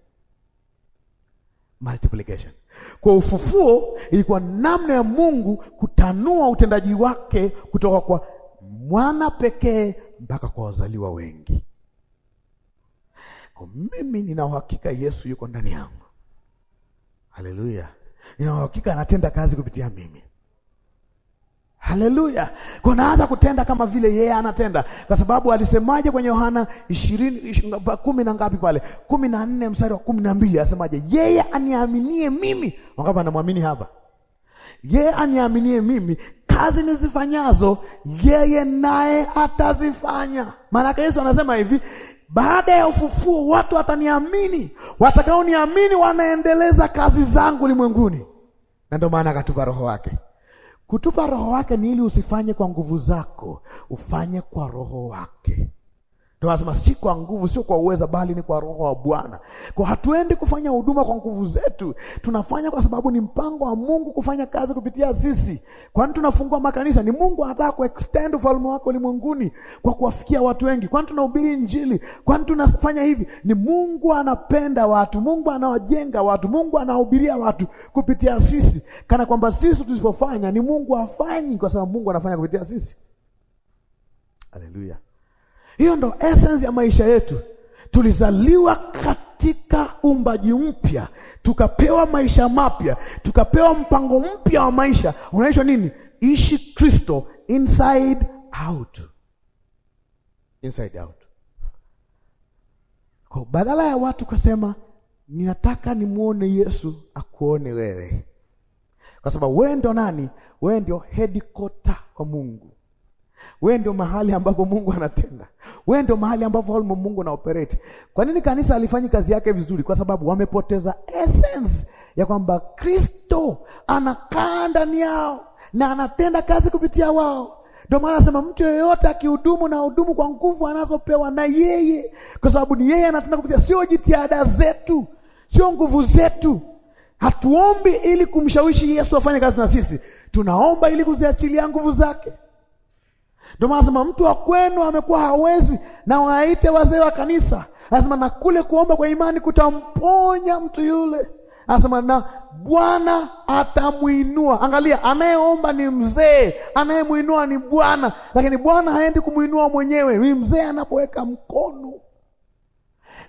multiplication. Kwa ufufuo ilikuwa namna ya Mungu kutanua utendaji wake kutoka kwa mwana pekee mpaka kwa wazaliwa wengi. Kwa mimi nina uhakika Yesu yuko ndani yangu. Haleluya! Nina uhakika anatenda kazi kupitia mimi. Haleluya! Kwa naanza kutenda kama vile yeye anatenda, kwa sababu alisemaje kwenye Yohana ishirini kumi na ngapi pale, kumi na nne mstari wa kumi na mbili asemaje? Yeye aniaminie mimi, wangapi anamwamini hapa? Yeye aniaminie mimi, kazi nizifanyazo yeye naye atazifanya. Maanake Yesu anasema hivi, baada ya ufufuo watu wataniamini, watakaoniamini wanaendeleza kazi zangu ulimwenguni. Na ndio maana akatupa roho wake. Kutupa roho wake ni ili usifanye kwa nguvu zako, ufanye kwa roho wake. Ndio lazima, si kwa nguvu, sio kwa uweza, bali ni kwa roho wa Bwana. Kwa hatuendi kufanya huduma kwa nguvu zetu, tunafanya kwa sababu ni mpango wa Mungu kufanya kazi kupitia sisi. Kwani tunafungua makanisa, ni Mungu anataka kuextend ufalme wake ulimwenguni kwa kuwafikia watu wengi. Kwani tunahubiri Injili, kwani tunafanya hivi, ni Mungu anapenda watu, Mungu anawajenga watu, Mungu anahubiria watu kupitia sisi, kana kwamba sisi tusipofanya, ni Mungu afanyi, kwa sababu Mungu anafanya kupitia sisi. Haleluya! Hiyo ndo essence ya maisha yetu. Tulizaliwa katika umbaji mpya, tukapewa maisha mapya, tukapewa mpango mpya wa maisha. Unaitwa nini? Ishi Kristo inside out, inside out. Kwa badala ya watu kusema ninataka nimwone Yesu, akuone wewe, kwa sababu wewe ndo nani? Wewe ndio headquarter wa Mungu. We ndio mahali ambapo Mungu anatenda. We ndio mahali ambapo almo Mungu na operate. Kwa nini kanisa alifanyi kazi yake vizuri? Kwa sababu wamepoteza essence ya kwamba Kristo anakaa ndani yao na anatenda kazi kupitia wao. Ndio maana anasema mtu yeyote akihudumu na hudumu kwa nguvu anazopewa na yeye, kwa sababu ni yeye anatenda kupitia, sio jitihada zetu, sio nguvu zetu. Hatuombi ili kumshawishi Yesu afanye kazi na sisi, tunaomba ili kuziachilia nguvu zake. Ndio maana sema mtu wa kwenu amekuwa hawezi, na waite wazee wa kanisa. Anasema na kule kuomba kwa imani kutamponya mtu yule, anasema na Bwana atamwinua. Angalia, anayeomba ni mzee, anayemwinua ni Bwana, lakini Bwana haendi kumwinua mwenyewe, ni mzee anapoweka mkono.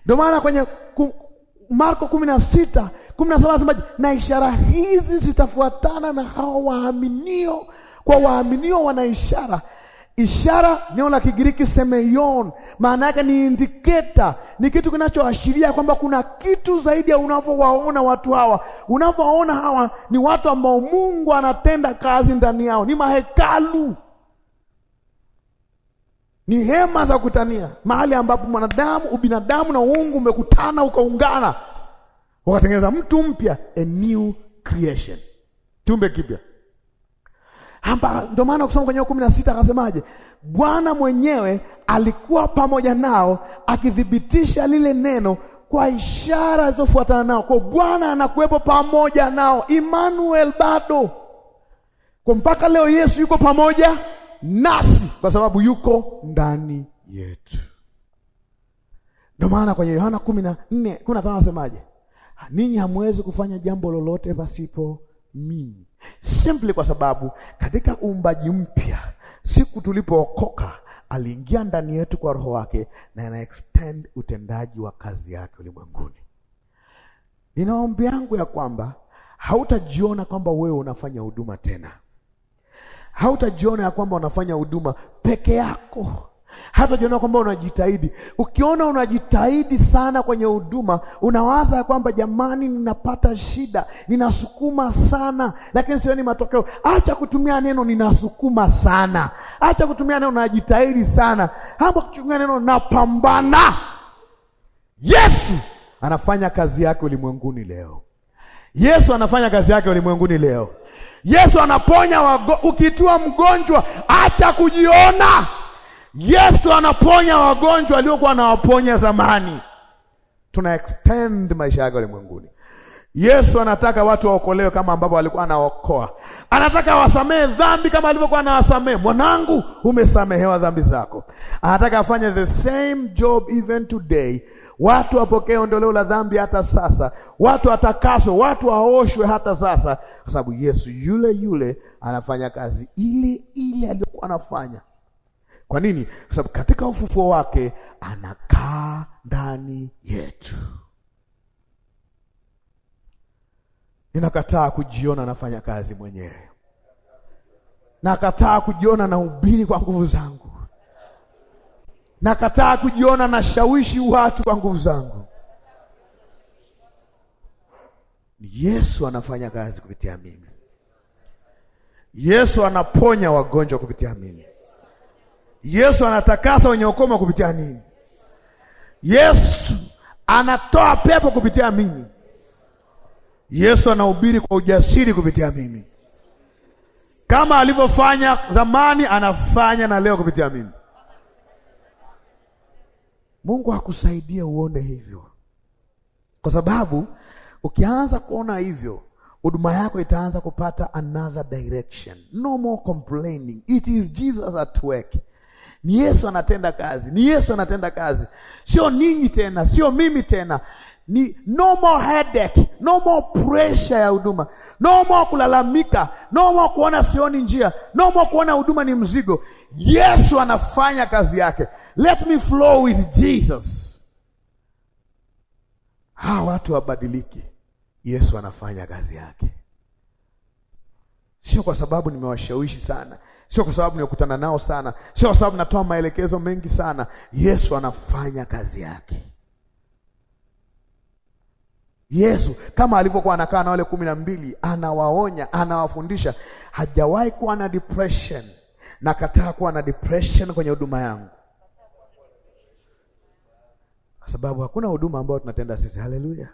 Ndio maana kwenye kum, Marko kumi na sita kumi na saba anasema na ishara hizi zitafuatana na hao waaminio, kwa waaminio wana ishara Ishara, neno la Kigiriki semeion, maana yake ni indiketa, ni kitu kinachoashiria kwamba kuna kitu zaidi ya unavyowaona watu hawa. Unavyowaona hawa ni watu ambao Mungu anatenda kazi ndani yao, ni mahekalu, ni hema za kutania, mahali ambapo mwanadamu, ubinadamu na uungu umekutana ukaungana, wakatengeneza mtu mpya, a new creation, kiumbe kipya hapa. Ndio maana kusoma kwenye kumi na sita akasemaje, Bwana mwenyewe alikuwa pamoja nao akithibitisha lile neno kwa ishara zilizofuatana nao. Kwa Bwana anakuwepo pamoja nao, Emmanuel bado kwa mpaka leo. Yesu yuko pamoja nasi kwa sababu yuko ndani yetu. Ndio maana kwenye Yohana kumi na nne kumi na tano anasemaje? Ninyi hamwezi kufanya jambo lolote pasipo mimi. Simply kwa sababu katika uumbaji mpya siku tulipookoka aliingia ndani yetu kwa roho wake na ana extend utendaji wa kazi yake ulimwenguni. Nina ombi yangu ya kwamba hautajiona kwamba wewe unafanya huduma tena, hautajiona ya kwamba unafanya huduma peke yako hata jiona kwamba unajitahidi. Ukiona unajitahidi sana kwenye huduma, unawaza ya kwamba jamani, ninapata shida, ninasukuma sana, lakini sioni matokeo. Acha kutumia neno ninasukuma sana, acha kutumia neno najitahidi sana, hapa kutumia neno napambana. Yesu anafanya kazi yake ulimwenguni leo. Yesu anafanya kazi yake ulimwenguni leo. Yesu anaponya wago, ukitua mgonjwa, acha kujiona Yesu anaponya wagonjwa aliokuwa anawaponya zamani. Tuna extend maisha yake ulimwenguni. Yesu anataka watu waokolewe kama ambavyo alikuwa anaokoa. Anataka wasamehe dhambi kama alivyokuwa anawasamehe. Mwanangu, umesamehewa dhambi zako. Anataka afanye the same job even today. Watu wapokee ondoleo la dhambi hata sasa, watu watakaswe, watu waoshwe hata sasa, kwa sababu Yesu yule yule anafanya kazi ile ile aliyokuwa anafanya. Kwa nini? Kwa sababu katika ufufuo wake anakaa ndani yetu. Ninakataa kujiona nafanya kazi mwenyewe, nakataa kujiona na ubiri kwa nguvu zangu, nakataa kujiona na shawishi watu kwa nguvu zangu. Yesu anafanya kazi kupitia mimi. Yesu anaponya wagonjwa kupitia mimi. Yesu anatakasa wenye ukoma kupitia nini? Yesu anatoa pepo kupitia mimi. Yesu anahubiri kwa ujasiri kupitia mimi, kama alivyofanya zamani, anafanya na leo kupitia mimi. Mungu akusaidie uone hivyo, kwa sababu ukianza kuona hivyo huduma yako itaanza kupata another direction. No more complaining, it is Jesus at work. Ni Yesu anatenda kazi, ni Yesu anatenda kazi, sio ninyi tena, sio mimi tena. Ni no more headache, no more pressure ya huduma, no more kulalamika, no more kuona sioni njia, no more kuona huduma ni mzigo. Yesu anafanya kazi yake. Let me flow with Jesus. Hawa watu wabadiliki, Yesu anafanya kazi yake, sio kwa sababu nimewashawishi sana sio kwa sababu nimekutana nao sana, sio kwa sababu natoa maelekezo mengi sana. Yesu anafanya kazi yake. Yesu kama alivyokuwa anakaa na wale kumi na mbili, anawaonya, anawafundisha. Hajawahi kuwa na depression, na kataa kuwa na depression kwenye huduma yangu, kwa sababu hakuna huduma ambayo tunatenda sisi. Haleluya!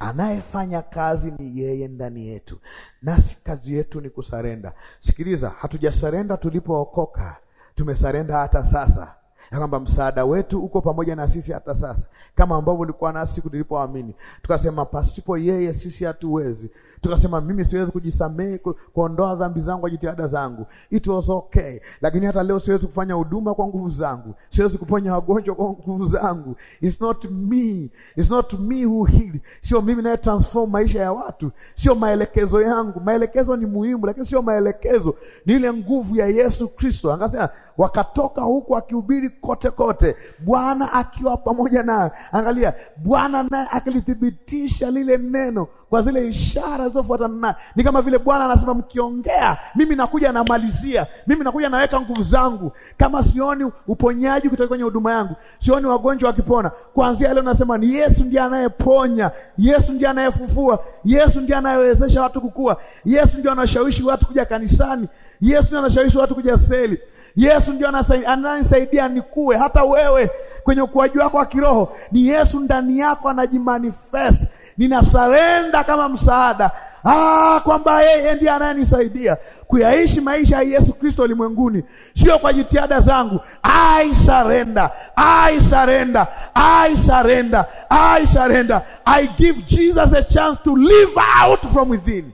Anayefanya kazi ni yeye ndani yetu, nasi kazi yetu ni kusarenda. Sikiliza, hatujasarenda tulipookoka, tumesarenda hata sasa, ya kwamba msaada wetu uko pamoja na sisi hata sasa, kama ambavyo ulikuwa nasi tulipoamini. Tukasema pasipo yeye sisi hatuwezi tukasema mimi siwezi kujisamehe kuondoa dhambi zangu kwa jitihada zangu, it was okay. Lakini hata leo siwezi kufanya huduma kwa nguvu zangu, siwezi kuponya wagonjwa kwa nguvu zangu. It's not me, it's not me who heal, sio mimi naye transform maisha ya watu, sio maelekezo yangu. Maelekezo ni muhimu, lakini sio maelekezo, ni ile nguvu ya Yesu Kristo. Angasema wakatoka huku akihubiri kote kote, Bwana akiwa pamoja naye. Angalia, Bwana naye akilithibitisha lile neno kwa zile ishara zilizofuatana naye. Ni kama vile Bwana anasema mkiongea, mimi nakuja namalizia, mimi nakuja naweka nguvu zangu. Kama sioni uponyaji kutoka kwenye huduma yangu, sioni wagonjwa wakipona, kuanzia leo nasema ni Yesu ndiye anayeponya, Yesu ndiye anayefufua, Yesu ndiye anayewezesha watu kukua, Yesu ndiye anashawishi watu kuja kanisani, Yesu ndiye anashawishi watu kuja seli Yesu ndio ananisaidia nikue. Hata wewe kwenye ukuaji wako wa kiroho, ni Yesu ndani yako anajimanifest ninasarenda kama msaada ah, kwamba yeye ndiye anayenisaidia kuyaishi maisha ya Yesu Kristo ulimwenguni, sio kwa jitihada zangu. I surrender, I surrender, I surrender, I surrender. I give Jesus a chance to live out from within.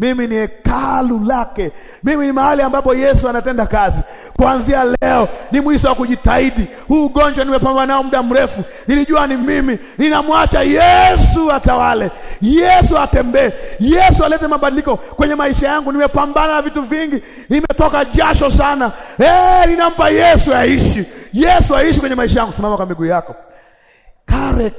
Mimi ni hekalu lake. Mimi ni mahali ambapo Yesu anatenda kazi. Kuanzia leo ni mwisho wa kujitahidi. Huu ugonjwa nimepambana nao muda mrefu, nilijua ni mimi. Ninamwacha Yesu atawale, Yesu atembee, Yesu alete mabadiliko kwenye maisha yangu. Nimepambana na vitu vingi, nimetoka jasho sana. Hey, eh, ninampa Yesu aishi, Yesu aishi kwenye maisha yangu. Simama kwa miguu yako. I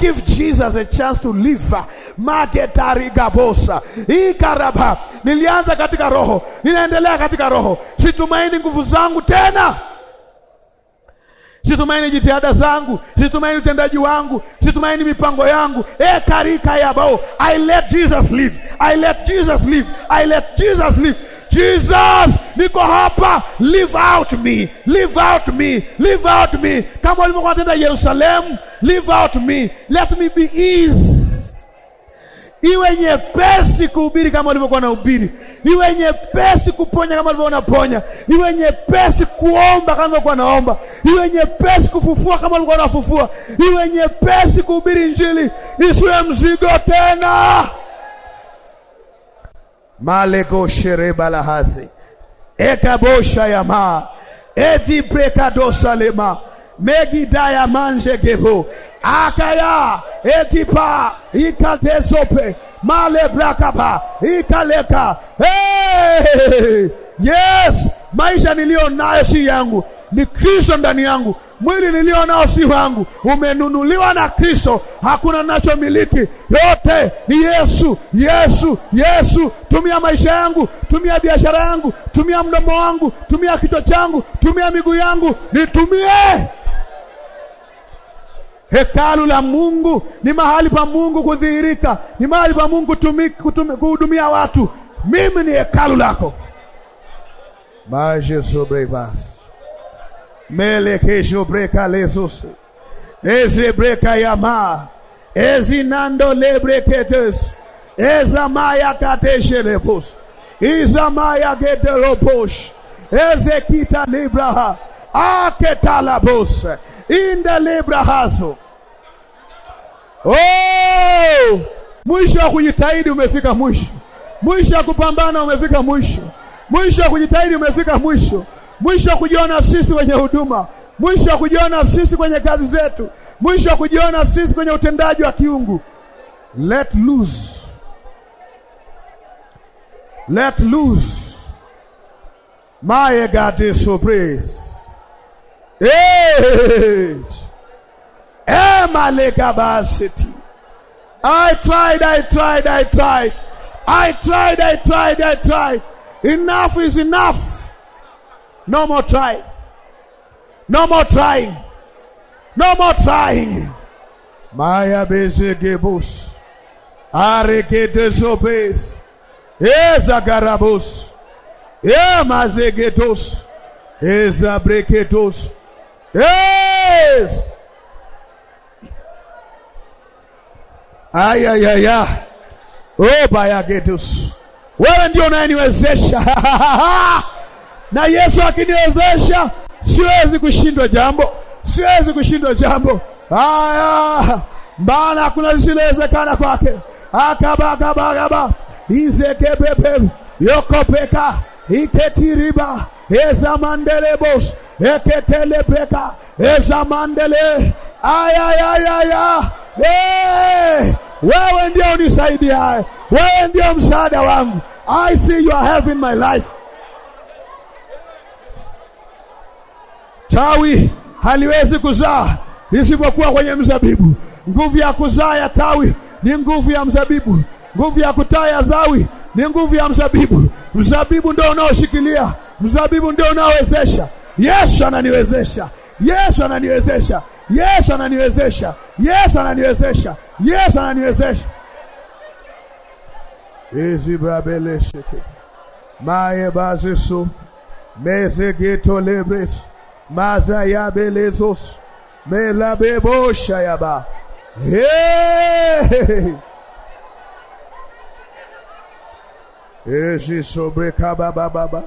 give Jesus a chance to live. Magetarigabosa. Ikaraba. Nilianza katika roho. Ninaendelea katika roho. Situmaini nguvu zangu tena. Situmaini jitihada zangu, situmaini utendaji wangu, situmaini mipango yangu. E karika bao. I let Jesus live. I let Jesus live. I let Jesus live. Jesus, niko hapa, live out me, live out me, live out me, kama walivyokuwa tenda Yerusalemu, live out me, let me be easy iwe nyepesi kuhubiri kama ulivyokuwa na ubiri, iwe nyepesi kuponya kama ulivyokuwa unaponya, iwe nyepesi kuomba kama ulivyokuwa naomba, iwe nyepesi kufufua kama ulivyokuwa unafufua, iwe nyepesi kuhubiri Injili, isiwe mzigo tena malego sherebalahase ekabosha ma edi brekadosa lema megidaya manje gevo akaya etipa ikatesope malebrakaba ikaleka hey! Yes, maisha niliyo nayo si yangu, ni Kristo ndani yangu. Mwili nilio nao si wangu, umenunuliwa na Kristo, hakuna nachomiliki, yote ni Yesu. Yesu, Yesu, tumia maisha yangu, tumia biashara yangu, tumia mdomo wangu, tumia kichwa changu, tumia miguu yangu, nitumie. Hekalu la Mungu ni mahali pa Mungu kudhihirika, ni mahali pa Mungu kuhudumia watu. Mimi ni hekalu lako. majesobreva melekejo breka lesos eze breka yama ezi nando lebreketes eza maya lepos iza maya gederobosh eze kita libraha aketalabos inde librahazo oh! mwisho wa kujitahidi umefika mwisho mwisho wa kupambana umefika mwisho mwisho wa kujitahidi umefika mwisho mwisho wa kujiona sisi kwenye huduma, mwisho wa kujiona sisi kwenye kazi zetu, mwisho wa kujiona sisi kwenye utendaji wa kiungu. Let loose. Let loose. My God is so praise. Hey. basiti. I tried, I tried, I tried. I tried, I tried, I tried. Enough is enough. No more trying. No more trying. No more trying. Maya bezegebus. Areketesobes. Ezagarabus. Emazegetos. Ezabreketos. Yes. Ayayaya. Oh, Obayagetus. Wewe ndio unayeniwezesha na Yesu akiniwezesha, siwezi kushindwa jambo, siwezi kushindwa jambo. Haya, maana hakuna lisilowezekana kwake. akabagabagaba izekebeberu yokopeka iketiriba ezamandelebos eketelebeka ezamandele ayayayaya hey! wewe ndio unisaidiaye, wewe ndio msaada wangu. I see you are helping my life Tawi haliwezi kuzaa isipokuwa kwenye mzabibu. Nguvu ya kuzaa ya tawi ni nguvu ya mzabibu. Nguvu ya kutaa ya zawi ni nguvu ya mzabibu. Mzabibu ndio unaoshikilia, mzabibu ndio unaowezesha. Yesu ananiwezesha, Yesu ananiwezesha, Yesu ananiwezesha, Yesu ananiwezesha, Yesu ananiwezesha izibrabelesheke maye bazisu meze mazayabelezos melabeboshayaba ezisobrekabababa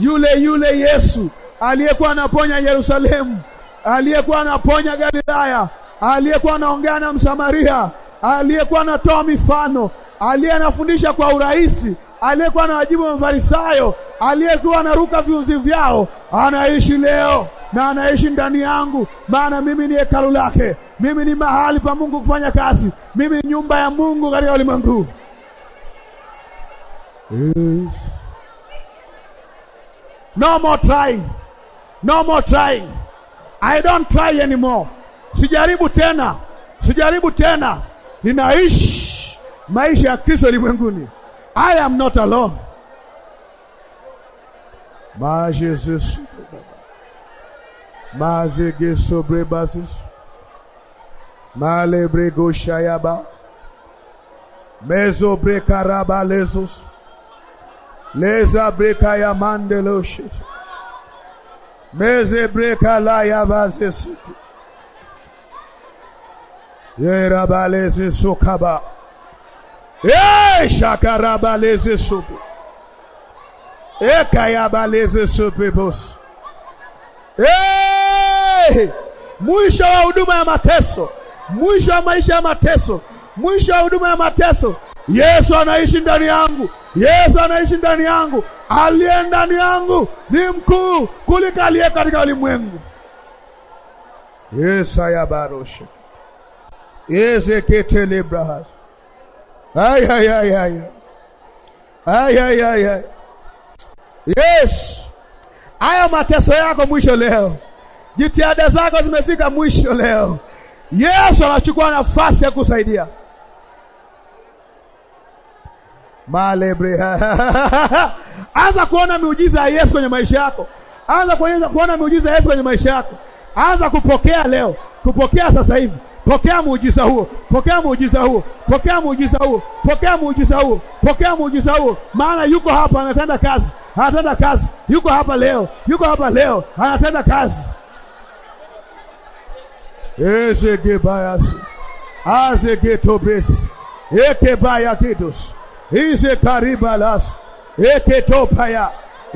yule yule Yesu aliyekuwa anaponya Yerusalemu, aliyekuwa anaponya Galilaya, aliyekuwa anaongea na Msamaria, aliyekuwa anatoa mifano, aliye anafundisha kwa urahisi aliyekuwa na wajibu wa mafarisayo aliyekuwa anaruka viunzi vyao, anaishi leo na anaishi ndani yangu, maana mimi ni hekalu lake. Mimi ni mahali pa Mungu kufanya kazi. Mimi ni nyumba ya Mungu katika ulimwengu. Yes. No more trying. No more trying. I don't try anymore. Sijaribu tena, sijaribu tena, ninaishi maisha ya Kristo ulimwenguni. I am not alone. Majesus. Mazege sobrebasis. Malebrego shayaba. Mezo brekaraba lezos. Leza brekaya mandeloshit. Meze brekalaya vazesit. Yerabalesis sokaba shakarabaleze supu ekayabaleze supu bosi. Mwisho wa huduma ya mateso, mwisho wa maisha ya mateso, mwisho wa huduma ya mateso. Yesu anaishi ndani yangu, Yesu anaishi ndani yangu. Aliye ndani yangu ni mkuu kuliko aliye katika ulimwengu. Yesu ayabaroshe yeseketelebrahas Ay, ay, ay, ay. Ay, ay, ay, ay. Yes. Haya mateso yako mwisho leo. Jitihada zako zimefika mwisho leo. Yesu anachukua nafasi ya kusaidia. Malebre. Anza kuona miujiza ya Yesu kwenye maisha yako. Anza kuona miujiza ya Yesu kwenye maisha yako. Anza kupokea leo, kupokea sasa hivi. Pokea muujiza huo, pokea muujiza huo, pokea muujiza huo, pokea muujiza huo, pokea muujiza huo, maana yuko hapa anatenda kazi, anatenda kazi, yuko hapa leo, yuko hapa leo, anatenda kazi ezegebayasi azegetobesi ekebayakidos ize karibalas eketopaya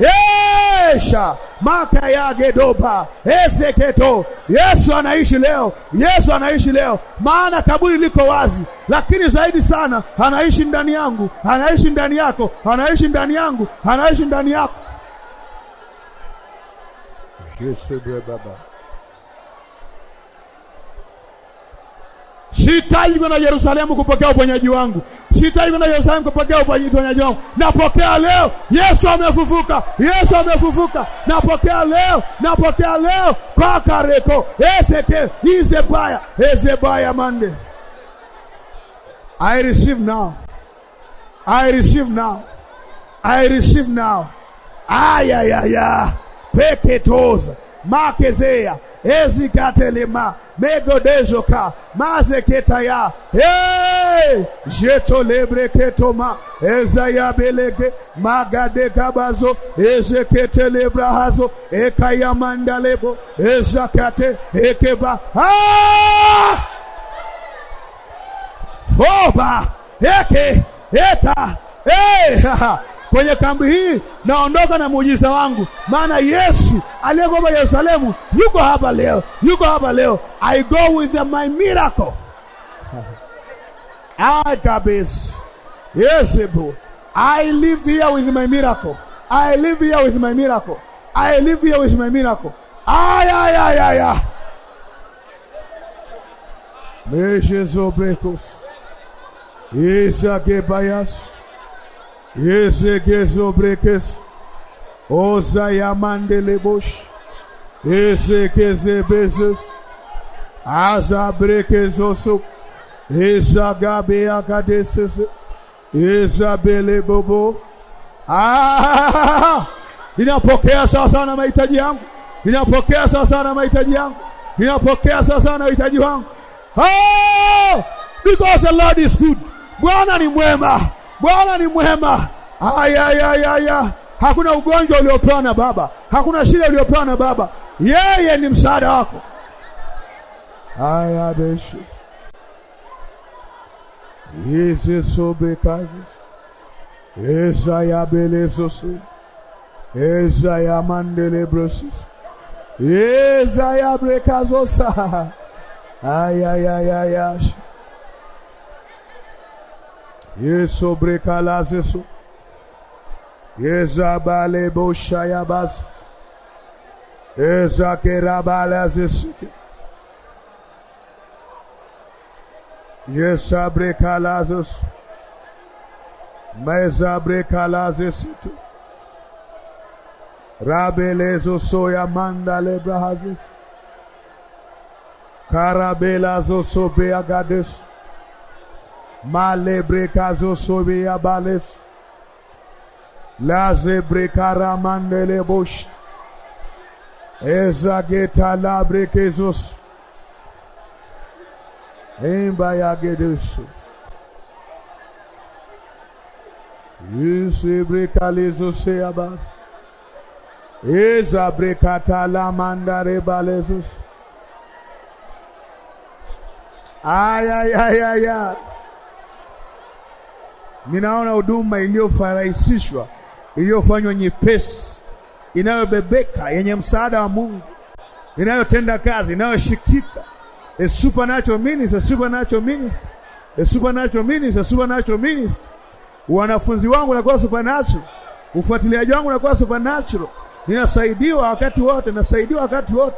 esha maka yagedoba ezeketo. Yesu anaishi leo, Yesu anaishi leo, maana kaburi liko wazi, lakini zaidi sana anaishi ndani yangu, anaishi ndani yako, anaishi ndani yangu, anaishi ndani yako. Yesu baba sitaji kwenda Yerusalemu kupokea uponyaji wangu, sitaji kwenda Yerusalemu kupokea uponyaji wangu. Napokea leo, Yesu amefufuka, Yesu amefufuka. Napokea leo, napokea leo kakareko eseke ese baya mande. I receive now, I receive now, I receive now. Ayayaya peketoza makezea ezigatelema megodezoka mazeketaya jetolebreketoma ezayabelege magadekabazo ezeketelebrahazo ekayamandalebo ezakate ekeba ah! oba eke eta hey! kwenye kambi hii, naondoka na muujiza wangu, maana Yesu aliyekuwa Yerusalemu yuko hapa leo, yuko hapa leo. I go with the, my miracle I kabisa. Yes, bro. I live here with my miracle. I live here with my miracle. I live here with my miracle. Ay, ay, ay, ay, ay. Jesus obrekos. Isa kebayas yesegezo brekes oza yamandelebosh esekezebezes aza brekezosup ezagabeakadesese ezabelebobo ah! ninapokea sasa na mahitaji yangu ninapokea sasa na mahitaji yangu ninapokea sasa na uhitaji wangu oh! because the Lord is good Bwana ni mwema Bwana ni mwema. Ayayayaya, hakuna ugonjwa uliopewa na Baba, hakuna shida uliopewa na Baba. Yeye ni msaada wako. Aya beshi ya ya izisobekazi ezayabelezosi ya ezayabrekazosah ayayayayasha Yesu brekalazesu yezabaleboshayabazi ezakerabalazesuke yesabrekalazesu mezabrekalazesitu rabelezosoyamandalebrahazesu karabelazosobeagadesu Malebrekazo sobeya bales. Lazebrekara mandele boş. Ezageta labrekezos. Embaya gedesu. Yusebrekalezoseya bas. Ezabrekata la mandare balezos. Ay, ay, ay, ay, ay. Ninaona huduma iliyofarahisishwa, iliyofanywa nyepesi, inayobebeka, yenye msaada wa Mungu, inayotenda kazi, inayoshikika. A supernatural ministry, a supernatural ministry, a supernatural ministry, a supernatural ministry. Wanafunzi wangu nakuwa supernatural, ufuatiliaji wangu nakuwa supernatural. Ninasaidiwa wakati wote, nasaidiwa wakati wote,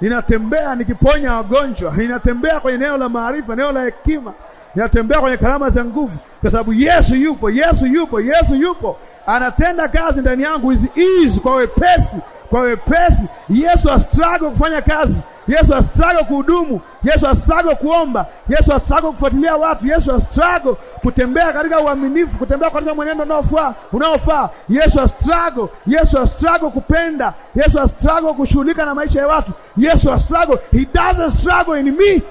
ninatembea nikiponya wagonjwa, ninatembea kwenye eneo la maarifa, eneo la hekima ninatembea kwenye karama za nguvu, kwa sababu Yesu yupo, Yesu yupo, Yesu yupo, anatenda kazi ndani yangu with ease, kwa wepesi, kwa wepesi. Yesu struggle kufanya kazi, Yesu struggle kuhudumu, Yesu struggle kuomba, Yesu struggle kufuatilia watu, Yesu struggle kutembea katika uaminifu, kutembea katika mwenendo unaofaa unaofaa. Yesu struggle. Yesu struggle kupenda, Yesu struggle kushughulika na maisha ya watu, Yesu struggle. he doesn't struggle in me